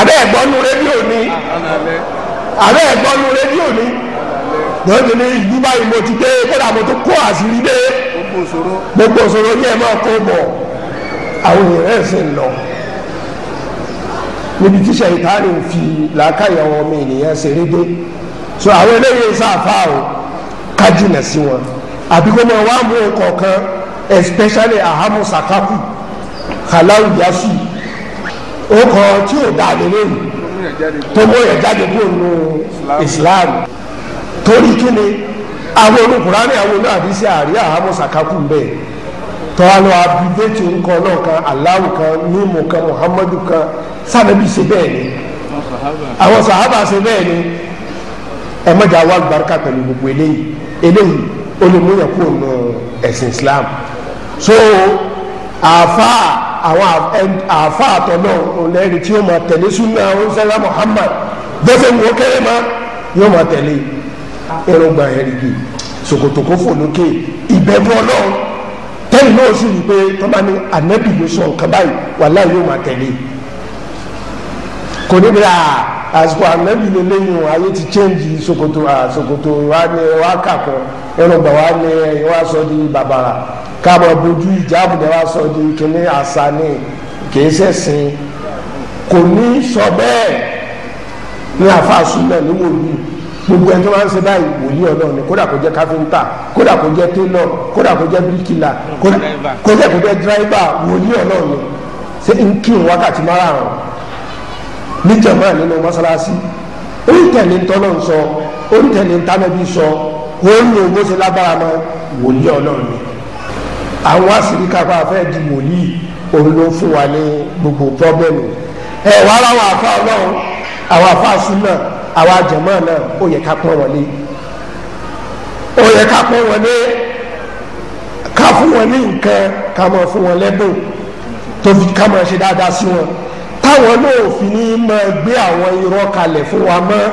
abẹ́ ẹ̀gbọ́n nu rédíò ni. Ah, ah, ah, àbẹ́ ẹ̀gbọ́nú rédíò ni lọ́dún ní ìlú báyìí mo ti dé kódà mo tó kó àṣírí dé gbogbo òṣòro ní ẹ̀ máa kó bọ̀ àwọn èèyàn ẹ̀ sì ń lọ níbi tí sẹ̀yìntàní ń fi làákàyà àwọn ọmọ ènìyàn ṣeré dé so àwọn eléyìí ń sáfà o ká jìnà sí wọn àbí kó máa wá mú nǹkan kan especially ahamu sakaku halau yasu ó kọ tí ò dáa lélẹ́yìn tọmọ yẹn jáde kúrò nù islam torí kíni àwọn olùkùránì àwọn olùhàdísí àrí àhámọ́ sàkákù ń bẹ̀ tọ́wálọ́ abidétu ńkọ náà kan aláwù kan mímu kan muhammadu kan sábẹ́bí ṣe bẹ́ẹ̀ ni àwọn sàhábà ṣe bẹ́ẹ̀ ni ẹ mọ̀jà wà lùbáríkà pẹ̀lú gbogbo eléyìí eléyìí ó lè ẹ̀sìn islam so àáfàá àwọn àfa àtọ̀nà ọ̀lẹ́rìí tí ó máa tẹ̀lé súnà ọ̀nsẹ́lá Muhammad bẹ́sẹ̀ ń wọ kẹ́rẹ́ ma yóò máa tẹ̀lé ẹ̀rọ̀gbà ẹ̀rìgì ṣòkòtò kó fò lókè ìbẹ̀rù ọlọ́run tẹ́lẹ̀ náà sì rí i pé tọ́ba ní ànábì ló sọ nǹkan báyìí wàláhì yóò máa tẹ̀lé kò níbi àà àsìkò ànábì ló léyìn o ayé ti chẹ́ǹjì ṣòkòtò ṣòkòtò wa ni wa kà ẹ̀rọ̀gbà wa ni wa káàmọ̀ bójú ìjáàbùdá wa sọ di kíní àṣà ni kìí ṣẹ̀sìn kò ní sọ bẹ́ẹ̀ ní àfàsùnlẹ̀ ní wòlíì gbogbo ẹni tó máa ń ṣe báyìí wòlíì ọlọ́run ni kódà kó jẹ́ káfíńtà kódà kó jẹ́ télọ̀ kódà kó jẹ́ bíríkìlà kódà kó jẹ́ dírẹ́bà wòlíì ọlọ́run ni ṣé n kí n wákàtí márùn-ún níjàmbá nínú mọ́ṣáláṣí orítẹ̀lé ntọ́lọ́ sọ orítẹ̀lé ntánẹ́bí sọ orí ògbó ṣe lágbára mọ́ wòlíì ọlọ́run ni àwọn àṣírí kápá fẹ́ di wòlíì òun ló fún wa ní gbogbo pọ́bẹ́mù ẹ wàá láwọn àfa ọlọ́run àwọn àfa súnà àwọn àjẹmọ́ náà ó yẹ ká pọ́n wọlé ó yẹ ká pọ́n wọlé ká fún wọn ní nǹkan ká máa fún wọn lẹ́bùn tó fi ká máa ṣe dáadáa sí wọn táwọn náà ò fi ní máa gbé àwọn irọ́ kalẹ̀ fún wa mọ́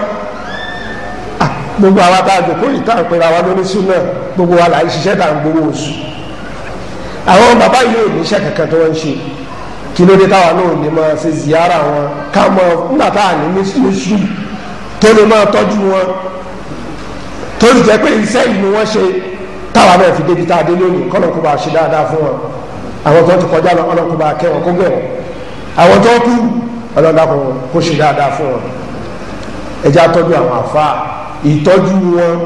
ah, gbogbo àwa tá a jòkó yìí tá à ń pera wa lórí súnà gbogbo wa là ń ṣiṣẹ́ tá à ń gbowó oṣù àwọn bàbá yìí ò níṣẹ́ kankan tó ń ṣe kí ló dé táwa náà ní máa ṣe ziyara wọn ká mọ nígbà tá a ní níṣu tó lè máa tọ́jú wọn tó lè jẹ́ pé iṣẹ́ ìlú wọn ṣe táwa náà fi débi tá a dé lónìí kọ́nà kó bá ṣe dáadáa fún wọn àwọn tó ti kọjá lọ ọlọ́kùn bá kẹ́ wọn kó gbẹ̀ wọn àwọn tó kú ọlọ́dàkùn kó ṣe dáadáa fún wọn ẹja tọ́jú àwọn àfa ìtọ́jú wọn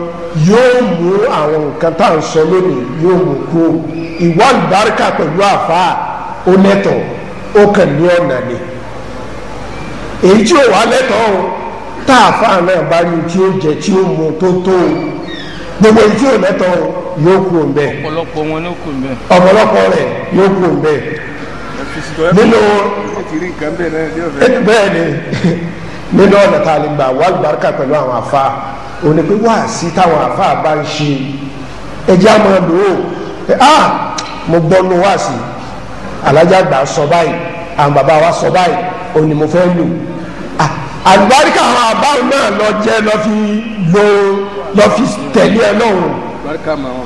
yóò mú àwọn nǹkan tá à ń sọ lónìí yóò mú kúrò ìwà ìbáríkà pẹ̀lú àfáà ó lẹ́tọ̀ọ́ ó kàn ní ọ̀nà ni èyí tí ó wà lẹ́tọ̀ọ́ tá àfáà náà bá ní tí ó jẹ tí ó mu tó tó gbogbo èyí tí ó lẹ́tọ̀ọ́ yóò kúrò ń bẹ́ẹ̀ ọ̀pọ̀lọpọ̀ wọn ló kù ń bẹ́ẹ̀ rẹ̀ yóò kúrò ń nínú bẹ́ẹ̀ ni <laughs> nínú ọ̀nà tá a lè gbà wà ìbáríkà pẹ̀lú àwọn àfáà òní pé wáàsí táwọn àfáà bá ń ṣe ẹjẹ́ àmọ́ lò o ẹ á mo gbọ́ nu wáàsí alájà gbà sọ báyìí àwọn bàbá wa sọ báyìí òní mo fẹ́ lò àlùbáríkà àwọn àbáwọn náà lọ jẹ́ lọ fi lo lọ fi tẹ̀lé ẹ lọ́rùn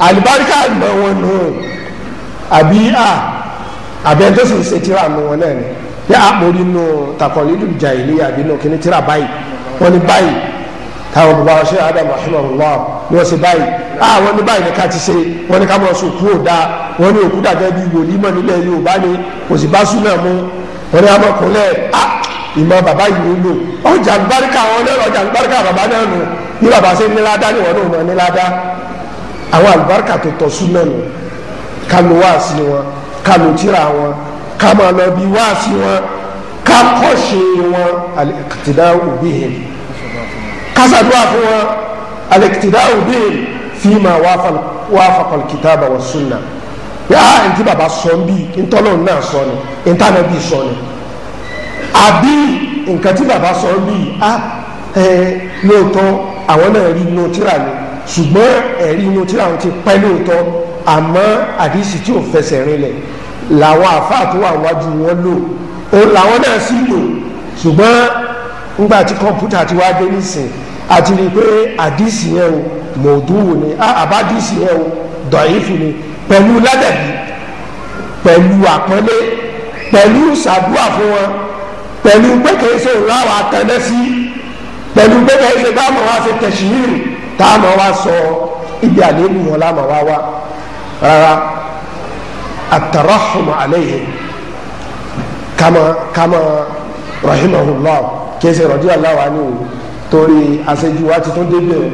àlùbáríkà àgbọ̀n wọn nù àbí à àbẹ tó sì ń ṣe tíra nu wọn náà ni yà á mórí nu takọ̀lídùú jà ìlú yàbí nù kíní tíra báyìí wọn ni báyìí táwọn bàbá wa ṣe adam rahimahullah ni wọ́n ṣe báyìí ah wọ́n ní báyìí ní ká ti ṣe wọ́n ní ká mọ̀ sùn kú òda wọ́n ní òkú dàgẹ́ bíi wòlíì mọ̀ nílẹ̀ yorùbá ni kò sì bá súnà mu wọ́n ní amọ̀kúnlẹ̀ ah ìmọ̀ bàbá yìí ló lò ọjà àlùbáríkà wọn lẹ́rọ ọjà àlùbáríkà bàbá náà nù bí bàbá ṣe ní ládá ni wọn náà mọ̀ ní ládá àwọn àlùbáríkà tó tọ́ súnà nù ká lo wáàsí wọn ká lo tíra wọn ká máa lọ bí wáàsí wọn ká kọ́ kásàdúrà fún wọn alẹ́kìtìdá òbíìn fi máa wá fakọ̀lì kìtàbà wọ̀ sunna yàrá ntí bàbá sọ ń bí ntọ́nà náà sọ ni ntànà bí sọ ni àbí nǹkan tí bàbá sọ ń a ah, ẹ lóòótọ́ àwọn náà rí inú tíra ni ṣùgbọ́n ẹ̀rí inú tíra wọn ti pẹ́ lóòótọ́ àmọ́ àdìsí tí ò fẹsẹ̀ rinlẹ̀ làwọn àfáà tó wà wájú wọn lò ó làwọn náà sì lò ṣùgbọ́n ńgbà tí ti wá dé nísìn àti rí i pé àdìsí yẹn o mọ̀ọ́dúnwò ni àbádìsí yẹn o dọ̀yìfù ni pẹ̀lú ládàbí pẹ̀lú àpọ́nlé pẹ̀lú sàdúà fún wọn pẹ̀lú pé kìí ṣe ìláwà àtẹ̀lẹ́ sí pẹ̀lú pé kìí ṣe báwọn wá ṣe tẹ̀síyìrì táwọn wá sọ ibi àléébù wọn láwọn wá wá rárá àtàràhùn àlẹ́yìn kama kama rahimahullah kìí ṣe rọ̀dí aláwa ni òun torí àṣejù wa ti tún débẹ̀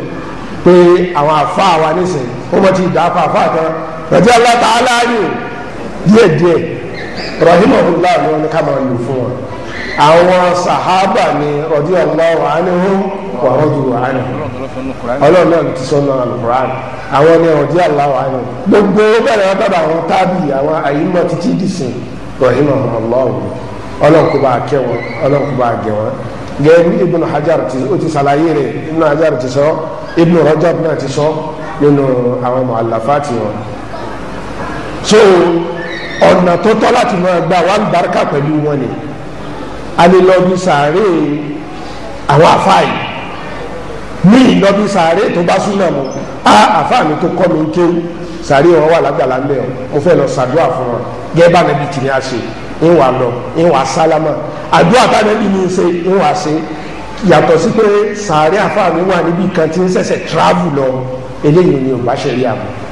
pé àwọn àfa wa nísìnyí ó mọ̀ ti dà á pa àfa kan rẹ̀jẹ̀ aláta aláàánú díẹ̀díẹ̀ rahimahullah ni wọ́n ní ká máa lò fún wọn àwọn sàhábà ni radiyallahu anhum wa radu anhum ọlọ́run náà ti sọ́nà alukuran àwọn ni radiyallahu anhum gbogbo bẹ̀rẹ̀ wọn bàbá àwọn tábì àwọn àyímọ̀ títí dìsìn rahimahullah ọlọ́run kò bá kẹ́ wọn ọlọ́run kò bá gẹ̀ wọn gẹ́gẹ́ bí ibùn hajar ti o ti ṣàlàyé rẹ̀ ibùn hajar ti sọ ibùn rajab náà ti sọ nínú àwọn mu'allafati wọn. so ọ̀nà tó tọ́ láti máa gba wà lùbáríkà pẹ̀lú wọn ni alilọ́bí sàárè àwọn afáì ní ìlọ́bí sàárè tó bá súnà mọ́ a àfáàní tó kọ́ mi ń kéwù sàárè wọn wà lágbàlá ń bẹ̀ ọ́ mo fẹ́ lọ sàdúrà fún wọn gẹ́gẹ́ bá nàbí tìrì àṣẹ ń wà lọ ń wà sálámà àdúrà tánàbí ní í ṣe ń wà ṣe yàtọ̀ sí pé sàárẹ̀ àfààní wà níbi kan tí ń ṣẹ̀ṣẹ̀ travel lọ eléyìí ni ò bá ṣe rí àbọ̀